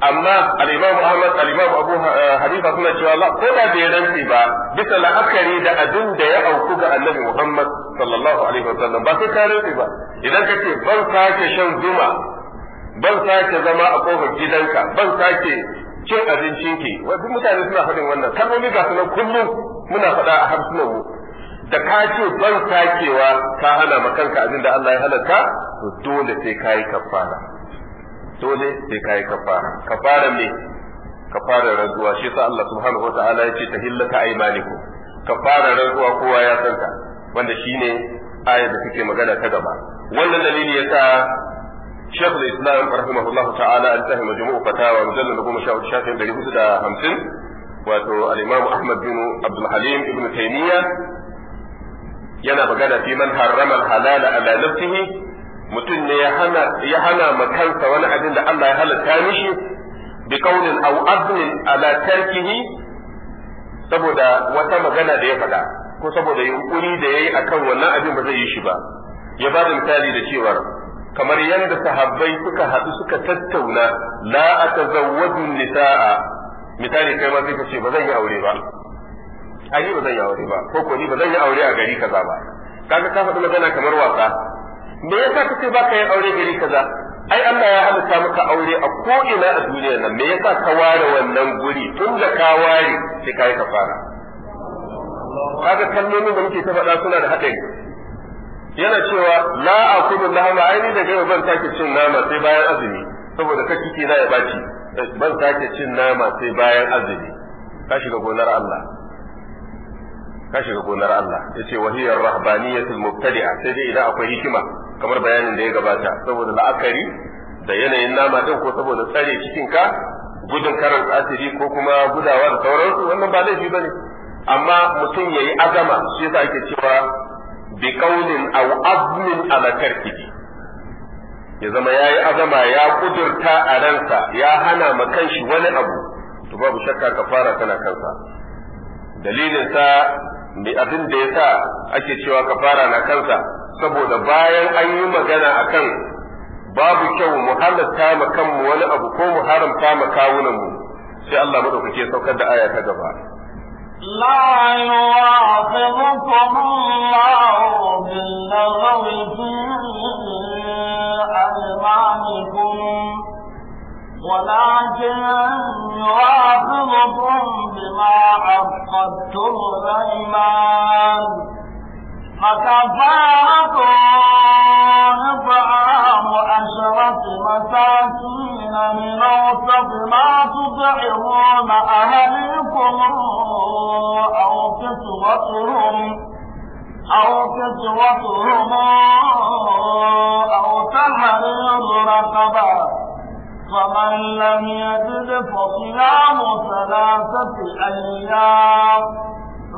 amma al-Imam Ahmad al Abu eh, Hanifa suna cewa la ko da bai rantsi ba bisa la'akari da abin da ya auku ga Annabi Muhammad sallallahu alaihi wasallam ba sai ka rantsi ba idan ka ce ban sake shan zuma ban sake zama a kofar gidanka ban sake cin ki wasu mutane suna faɗin wannan kalmomi ga sunan kullum muna faɗa a harsunan mu da ka ce ban sakewa ka hana ma kanka abin da Allah ya halarta to dole sai ka yi kafara dole sai kai kafara kafara me kafara rantsuwa shi sa Allah subhanahu wataala ya ce tahillata aymanikum kafara rantsuwa kowa ya santa wanda shine ayar da take magana ta gaba wannan dalili yasa شيخ الاسلام رحمه الله تعالى انتهى مجموع فتاوى مجلد 14 شافعي 450 wato al-Imam Ahmad bin Abdul Halim ibn Taymiyyah yana magana fi man harrama al-halal ala nafsihi mutum ne ya hana ya hana ma kansa wani abin da Allah ya halatta mishi bi kaunin aw aznin ala tarkihi saboda wata magana da ya faɗa ko saboda yunkuri da yayi akan wannan abin ba zai yi shi ba ya ba da misali da cewa kamar yadda sahabbai suka haɗu suka tattauna la atazawwaju nisaa misali kai ma sai ka ce ba zan yi aure ba ai ba zan yi aure ba ko ko ni ba zan yi aure a gari kaza ba kaga ka faɗi magana kamar wasa me yasa kace ba ka yin aure gari kaza ai Allah ya halitta maka aure a ko ina a duniyar nan me yasa ka ware wannan guri tun da ka ware sai kai ka fara kaga kallon da muke ta faɗa suna da haɗari yana cewa la akulu lahma aini da gaba ban take cin nama sai bayan azumi saboda ka kike na ya baci eh, ban take cin nama sai bayan azumi ka shiga gonar Allah ka shiga gonar Allah yace wahiyar rahbaniyatul mubtadi'a sai dai idan akwai hikima kamar bayanin da ya gabata saboda la'akari da yanayin nama din ko saboda tsare cikin ka gudun karar asiri ko kuma gudawa da sauransu wannan ba laifi bane amma mutum yayi azama shi yasa ake cewa bi qaulin aw azmin ala tarkihi ya zama yayi azama ya kudurta a ransa ya hana ma kanshi wani abu to babu shakka kafara tana kansa dalilin sa abin da yasa ake cewa kafara na kansa saboda bayan an yi magana akan babu kyau mu halatta ma kanmu wani abu ko mu haramta ma kawunan mu sai Allah madaukake saukar da aya ta gaba لا يواخذكم الله باللغو في ألمانكم ولكن يواخذكم بما عقدتم الأيمان فكفارته إطعام عشرة مساكين من أوسط ما تطعمون أهلكم أو كسوتهم أو كسوتهم أو تحرير رقبة فمن لم يجد فصيام ثلاثة أيام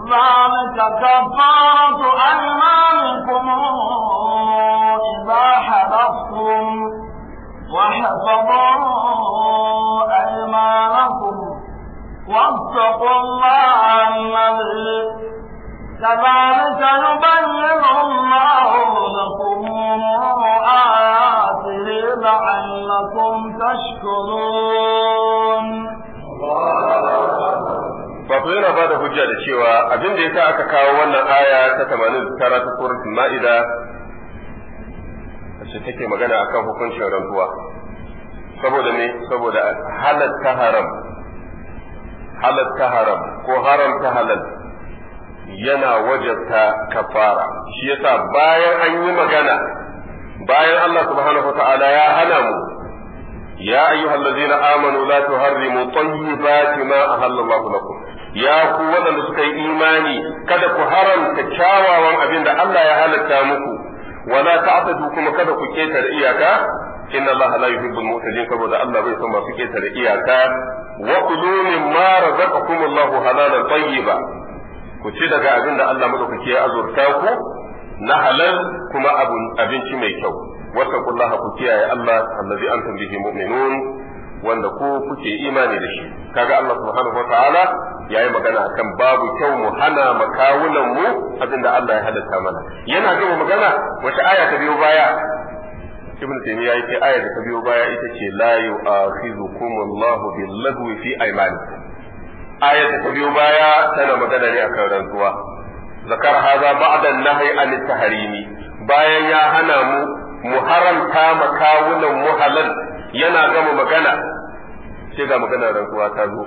ذلك نعم، كفارة أيمانكم إذا حلفتم واحفظوا أيمانكم واتقوا الله الذي كذلك يبين الله لكم hujja da cewa abin da ya sa aka kawo wannan aya ta 89 ta suratul Ma'ida wacce take magana akan hukuncin rantsuwa saboda ne saboda ta haram ta haram ko haram ta halal yana wajabta kafara shi yasa bayan an yi magana bayan Allah subhanahu wa ta'ala ya hana mu يا أيها الذين آمنوا لا تحرموا طيبات ما أهل الله لكم ya ku waɗanda suka yi imani kada ku haramta kyawawan abin da Allah ya halatta muku wala ta'tadu kuma kada ku keta da iyaka inna Allah la yuhibbul mu'tadin saboda Allah bai son masu da iyaka wa kulu mimma razaqakum Allahu halalan tayyiba ku ci daga abin da Allah muka kike azurta ku na halal kuma abinci mai kyau wattaqullaha ku kiyaye Allah allazi antum bihi mu'minun wanda ko kuke imani da shi kaga Allah subhanahu ta'ala yayi magana akan babu kyau mu hana makawunan mu abinda Allah ya halatta mana yana gama magana wata aya ta biyo baya ibn taymiya yace aya ta biyo baya ita ce la yu'akhidhukum Allahu bil lagwi fi aymanikum aya ta biyo baya tana magana ne akan rantsuwa zakar haza ba'da an nahyi an tahrimi bayan ya hana mu mu haramta makawunan mu halal yana gama magana sai ga magana rantsuwa ta zo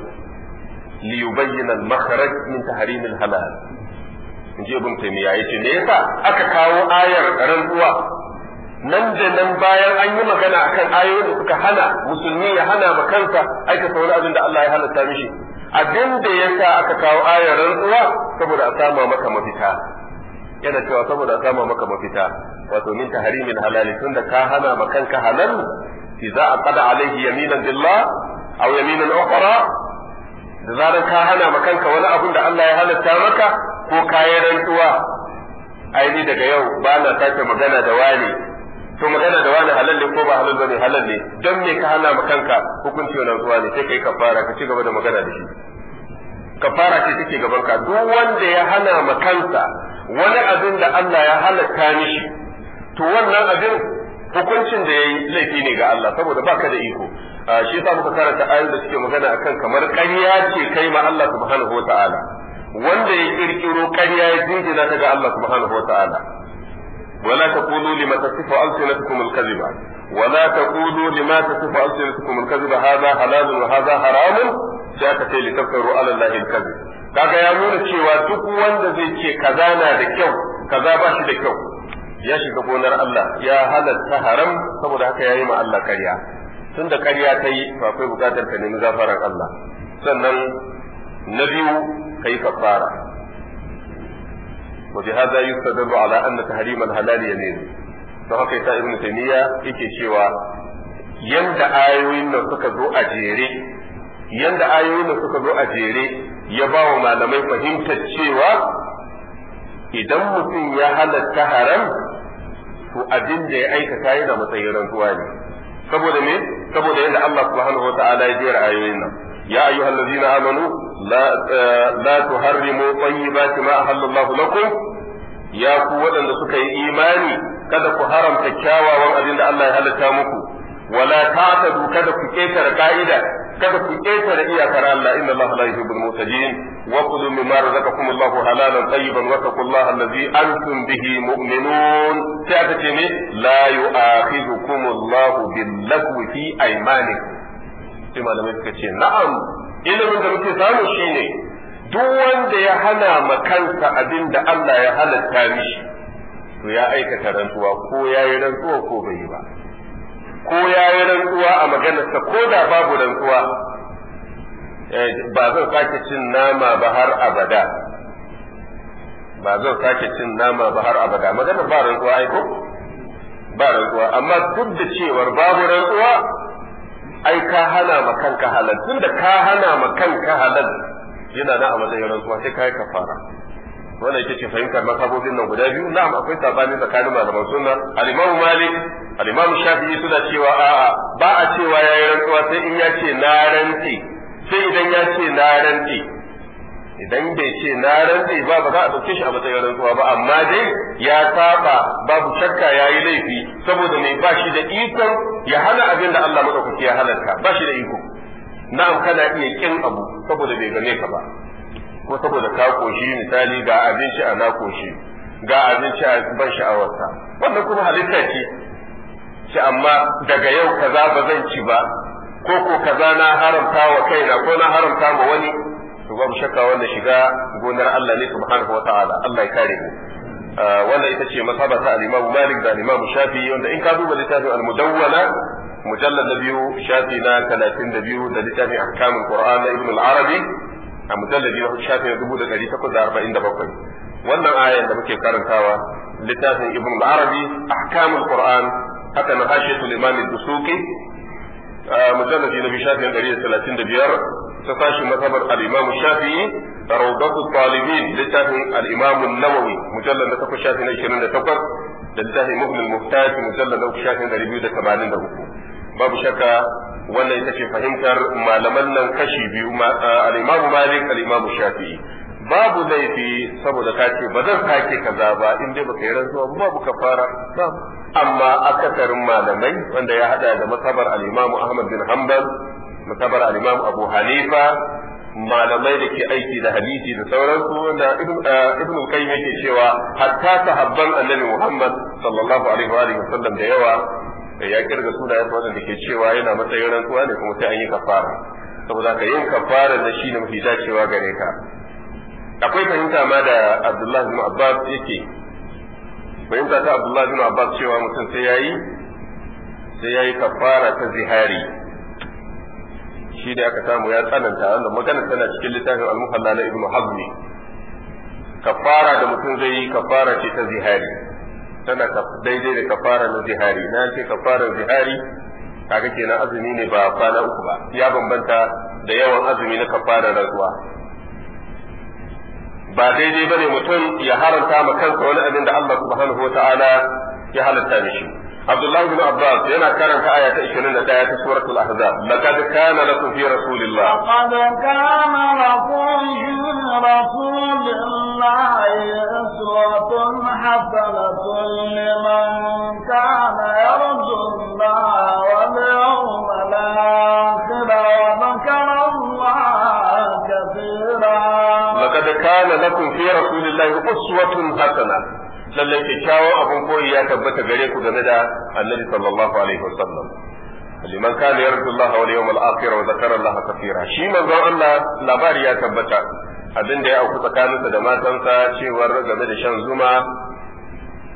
li yubayyana al-makhraj min tahrim al-halal inji ibn taymiya yace me yasa aka kawo ayar rantsuwa nan da nan bayan an yi magana akan ayoyin da suka hana musulmi ya hana ma kansa aikata wani abin da Allah ya halatta mishi abin da yasa aka kawo ayar rantsuwa saboda a sama maka mafita yana cewa saboda a sama maka mafita wato min al halal tunda ka hana ma kanka halal idza aqada alaihi yaminan billah aw yaminan ukhra da zaran ka hana ma kanka wani abun da Allah ya halatta maka ko kayan rantuwa daga yau ba na sake magana da wani to magana da wani halal ne ko ba halal bane halal ne don me ka hana ma kanka hukunci wannan zuwa ne sai kai kafara ka ci gaba da magana da shi kafara ce take gaban ka duk wanda ya hana ma kansa wani abin da Allah ya halatta mishi to wannan abin hukuncin da yayi laifi ne ga Allah saboda baka da iko ah, shi yasa muka karanta ayoyin da suke magana akan kamar ƙarya ce kai ma Allah subhanahu wataala wanda ya kirkiro ƙarya ya jingina ta ga Allah subhanahu wataala ولا تقولوا لما تصف ألسنتكم الكذب ولا تقولوا لما تصف ألسنتكم الكذب هذا حلال وهذا حرام شاكتي لتفكروا على الله الكذب kaga ya nuna cewa duk wanda zai ce kaza na da kyau kaza ba shi da kyau ya shiga gonar Allah ya halatta haram saboda haka ya yi ma Allah karya. tun da ƙarya ta yi to akwai buƙatar ka nemi gafarar Allah sannan na biyu kai kafara wa bihadha yustadallu ala anna tahrim al-halal yamin to haka yasa ibnu taymiya yake cewa yanda ayoyin nan suka zo a jere yanda ayoyin nan suka zo a jere ya ba wa malamai fahimtar cewa idan mutum ya halatta haram to abin da ya aikata yana matsayin rantsuwa ne saboda me saboda yadda Allah subhanahu wataala ya jera ayoyin nan ya ayyuhal ladzina amanu la eh, la tuharrimu tayyibati ma ahallallahu lakum ya ku waɗanda suka yi imani kada ku haramta kyawawan abin da Allah ya halatta muku wala ta'tadu kada ku ketare ka'ida kada ku ƙetare iyakar Allah inna Allah la yuhibbul mutajin wa kulu mimma razaqakum Allah halalan tayyiban wa taqullaha allazi antum bihi mu'minun sai aka ce ne la yu'akhidhukum Allah bil lagwi fi aymanikum sai malamai suka ce na'am ilimin da muke samu shine duk wanda ya hana ma kansa abin da Allah ya halatta mishi to ya aikata rantsuwa ko ya yi rantsuwa ko bai yi ba ko ya yi rantsuwa a maganarsa ko da babu rantsuwa eh, ba zan sake cin nama ba har abada ba zan sake cin nama ba har abada maganar ba rantsuwa aiko ko ba rantsuwa amma duk da cewar babu rantsuwa ai ka hana ma kanka halal tunda ka hana ma kanka halal yana na a matsayin rantsuwa sai ka yi kafara wannan yake ce fahimtar masabobin nan guda biyu na'am akwai sabani tsakanin malaman sunna al-Imam Malik al-Imam Shafi'i suna cewa a ba a cewa yayi rantsuwa sai in ya ce na rantsi sai idan ya ce na rantsi idan bai ce na rantsi ba ba za a dauke shi a matsayin rantsuwa ba amma dai ya saba babu shakka yayi laifi saboda mai ba shi da ikon ya hana abin da Allah madaukaki ya halarta ba shi da iko na'am kana iya kin abu saboda bai gane ka ba ko saboda ka koshi misali ga abinci a na koshi ga abinci a ban sha'awarsa wannan kuma halitta ce ce amma daga yau kaza ba zan ci ba ko ko kaza na haramta wa kaina ko na haramta ma wani to babu shakka wanda shiga gonar Allah ne subhanahu wataala Allah ya kare mu ah, wannan ita ce masaba ta al-Imam Malik da al-Imam Shafi'i wanda in ka duba littafin al-Mudawwala mujallad na biyu shafi na 32 da littafin ahkamul Qur'an na Ibn al-Arabi a mujalladi na shafi na dubu da ɗari takwas da arba'in da bakwai wannan ayan da muke karantawa littafin ibn arabi ahkamul qur'an haka na hashe suleiman dusuki mujalladi na shafi na ɗari da talatin da biyar ta fashin al-imam rawdatu talibin littafin nawawi na takwas shafi na ishirin da takwas da littafin mubnil na uku shafi na ɗari biyu da da uku babu shakka wannan ita ce fahimtar malaman nan kashi biyu al-Imam Malik al-Imam Shafi'i babu laifi saboda ka ce ba zan sake kaza ba in dai baka yi rantsuwa ba babu kafara amma akasarin malamai wanda ya hada da masabar al-Imam Ahmad bin Hanbal masabar al-Imam Abu Hanifa malamai da ke aiki da hadisi da sauransu wanda ibn qayyim yake cewa hatta sahabban annabi Muhammad sallallahu alaihi wa sallam da yawa Eh, ya kirga sunayen su da ke cewa yana matsayin rantsuwa ne kuma sai an yi kafara saboda ka yin kafara da shi ne mafi dacewa gare ka akwai fahimta ma da Abdullahi bin Abbas yake fahimta ta Abdullahi bin Abbas cewa mutum sai yayi sai yayi kafara ta zihari shi da aka samu ya tsananta wanda magana tana cikin littafin al-muhalla na ibnu hazmi kafara da mutum zai yi kafara ce ta zihari tana daidai da kafara na zihari na ce kafarar zihari kaga kenan azumi ne ba kwana uku ba ya bambanta da yawan azumi na kafarar rantsuwa ba daidai bane mutum ya haranta ma kansa wani abin da Allah subhanahu wataala ya halatta mishi عبد الله بن عباس هنا كان في آية 21 آية سورة الأحزاب لقد كان لكم في رسول الله لقد كان لكم في رسول الله أسوة حسنة لمن كان يرجو الله واليوم الآخر وذكر الله كثيرا لقد كان لكم في رسول الله أسوة حسنة lallai kyakkyawan abin koyi ya tabbata gare ku game da annabi sallallahu alaihi wasallam liman kana yarju Allah wal yawmal akhir wa zakara Allah kathira shi manzon Allah labari ya tabbata abin da ya auku tsakaninsa da matansa cewar game da shan zuma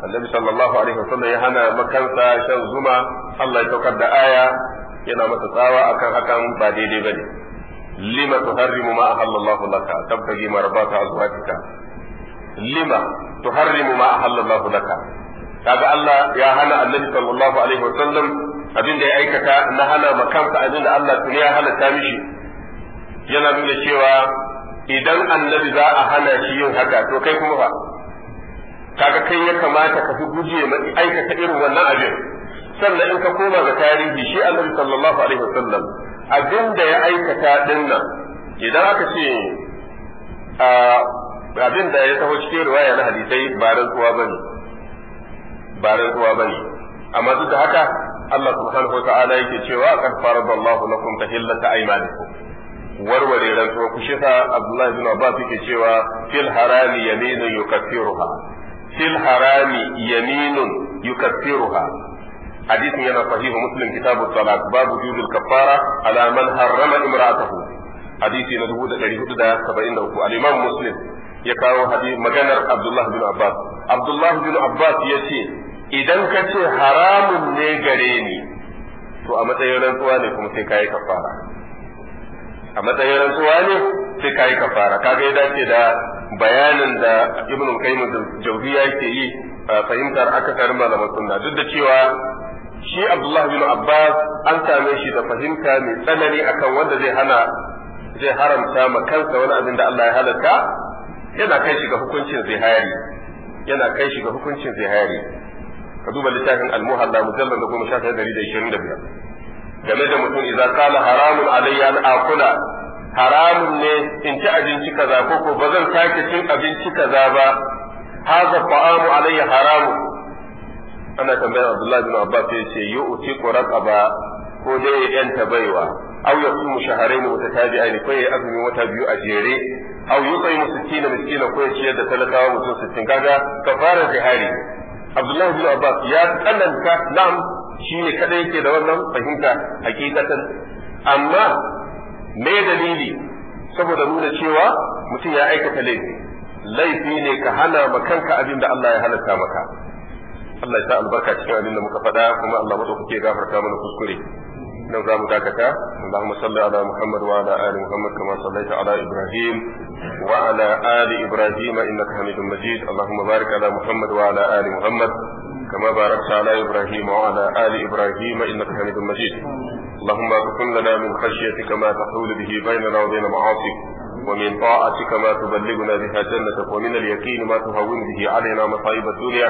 annabi sallallahu alaihi wasallam ya hana makansa shan zuma Allah ya saukar da aya yana masa tsawa akan hakan ba daidai bane lima tuharrimu ma ahallallahu laka tabtagi marbata azwajika lima tuharrimu ma ahallallahu laka kaga Allah ya hana annabi sallallahu alaihi wa sallam abin da ya aikata na hana ma abin da Allah tuni ya ta mishi yana nuna cewa idan annabi za a hana shi yin haka to kai kuma fa. kaga kai ya kamata ka fi guje ma aikata irin wannan abin sannan in ka koma ga tarihi shi annabi sallallahu alaihi wa sallam abin da ya aikata dinnan idan aka ce ah, abin da ya taho cikin riwaya na hadisai ba rantsuwa bane ba rantsuwa bane amma duk da haka Allah subhanahu wata'ala yake cewa qad faradallahu lakum tahillata aymanikum warware rantsuwa ku shi sa Abdullahi bin Abbas yake cewa fil harami yaminun yukaffiruha fil harami yaminun yukaffiruha hadisin yana sahihu muslim kitabu salat babu juzul kaffara ala man harrama imra'atahu hadisi na 1473 al-imam muslim ya kawo maganar Abdullahi bin Abbas Abdullahi bin Abbas ya ce idan ka ce haramun ne gare ni to a matsayin rantsuwa ne kuma sai kayi kafara a matsayin rantsuwa ne sai kayi kafara kaga ya dace da bayanin da Ibn Qayyim Jawziyya yake yi fahimtar akasarin malaman sunna duk da cewa shi Abdullahi bin Abbas an same shi da fahimta mai tsanani akan wanda zai hana zai haramta ma kansa wani abin da Allah ya halatta yana kai shi ga hukuncin zihari yana kai shi ga hukuncin zihari ka duba littafin al-muhalla mujallal da goma sha dari da ishirin da biyar game da mutum idza qala haramun alayya an akula haramun ne in ci abinci kaza ko ko bazan sake cin abinci kaza ba hadha ta'amu alayya haramun ana tambayar Abdullahi bin Abbas sai ce yu'ti quraqaba ko dai yanta baiwa aw yasumu shahrayn mutatabi'ain ko ya azumin wata biyu a jere aw yutaimu 60 miskina ko ya ciyar da talakawa mutum 60 kaga kafarar jihari Abdullahi bin Abbas ya tsananta na'am shi ne kada yake da wannan fahimta hakikatan amma me dalili saboda nuna cewa mutum ya aikata laifi ne ka hana ma kanka abin da Allah ya halatta maka Allah ya sa albarka cikin abin da muka faɗa kuma Allah mutu kuke gafarta mana kuskure nan za mu dakata Allahumma salli ala Muhammad wa ala ali Muhammad kama sallaita ala Ibrahim wa ala ali Ibrahim innaka Hamidum Majid Allahumma barik ala Muhammad wa ala ali Muhammad اللهم لنا من خشيتك ما تحول به بيننا وبين معاصيك ومن طاعتك ما تبلغنا بها جنتك ومن اليقين ما تهون به علينا مصائب الدنيا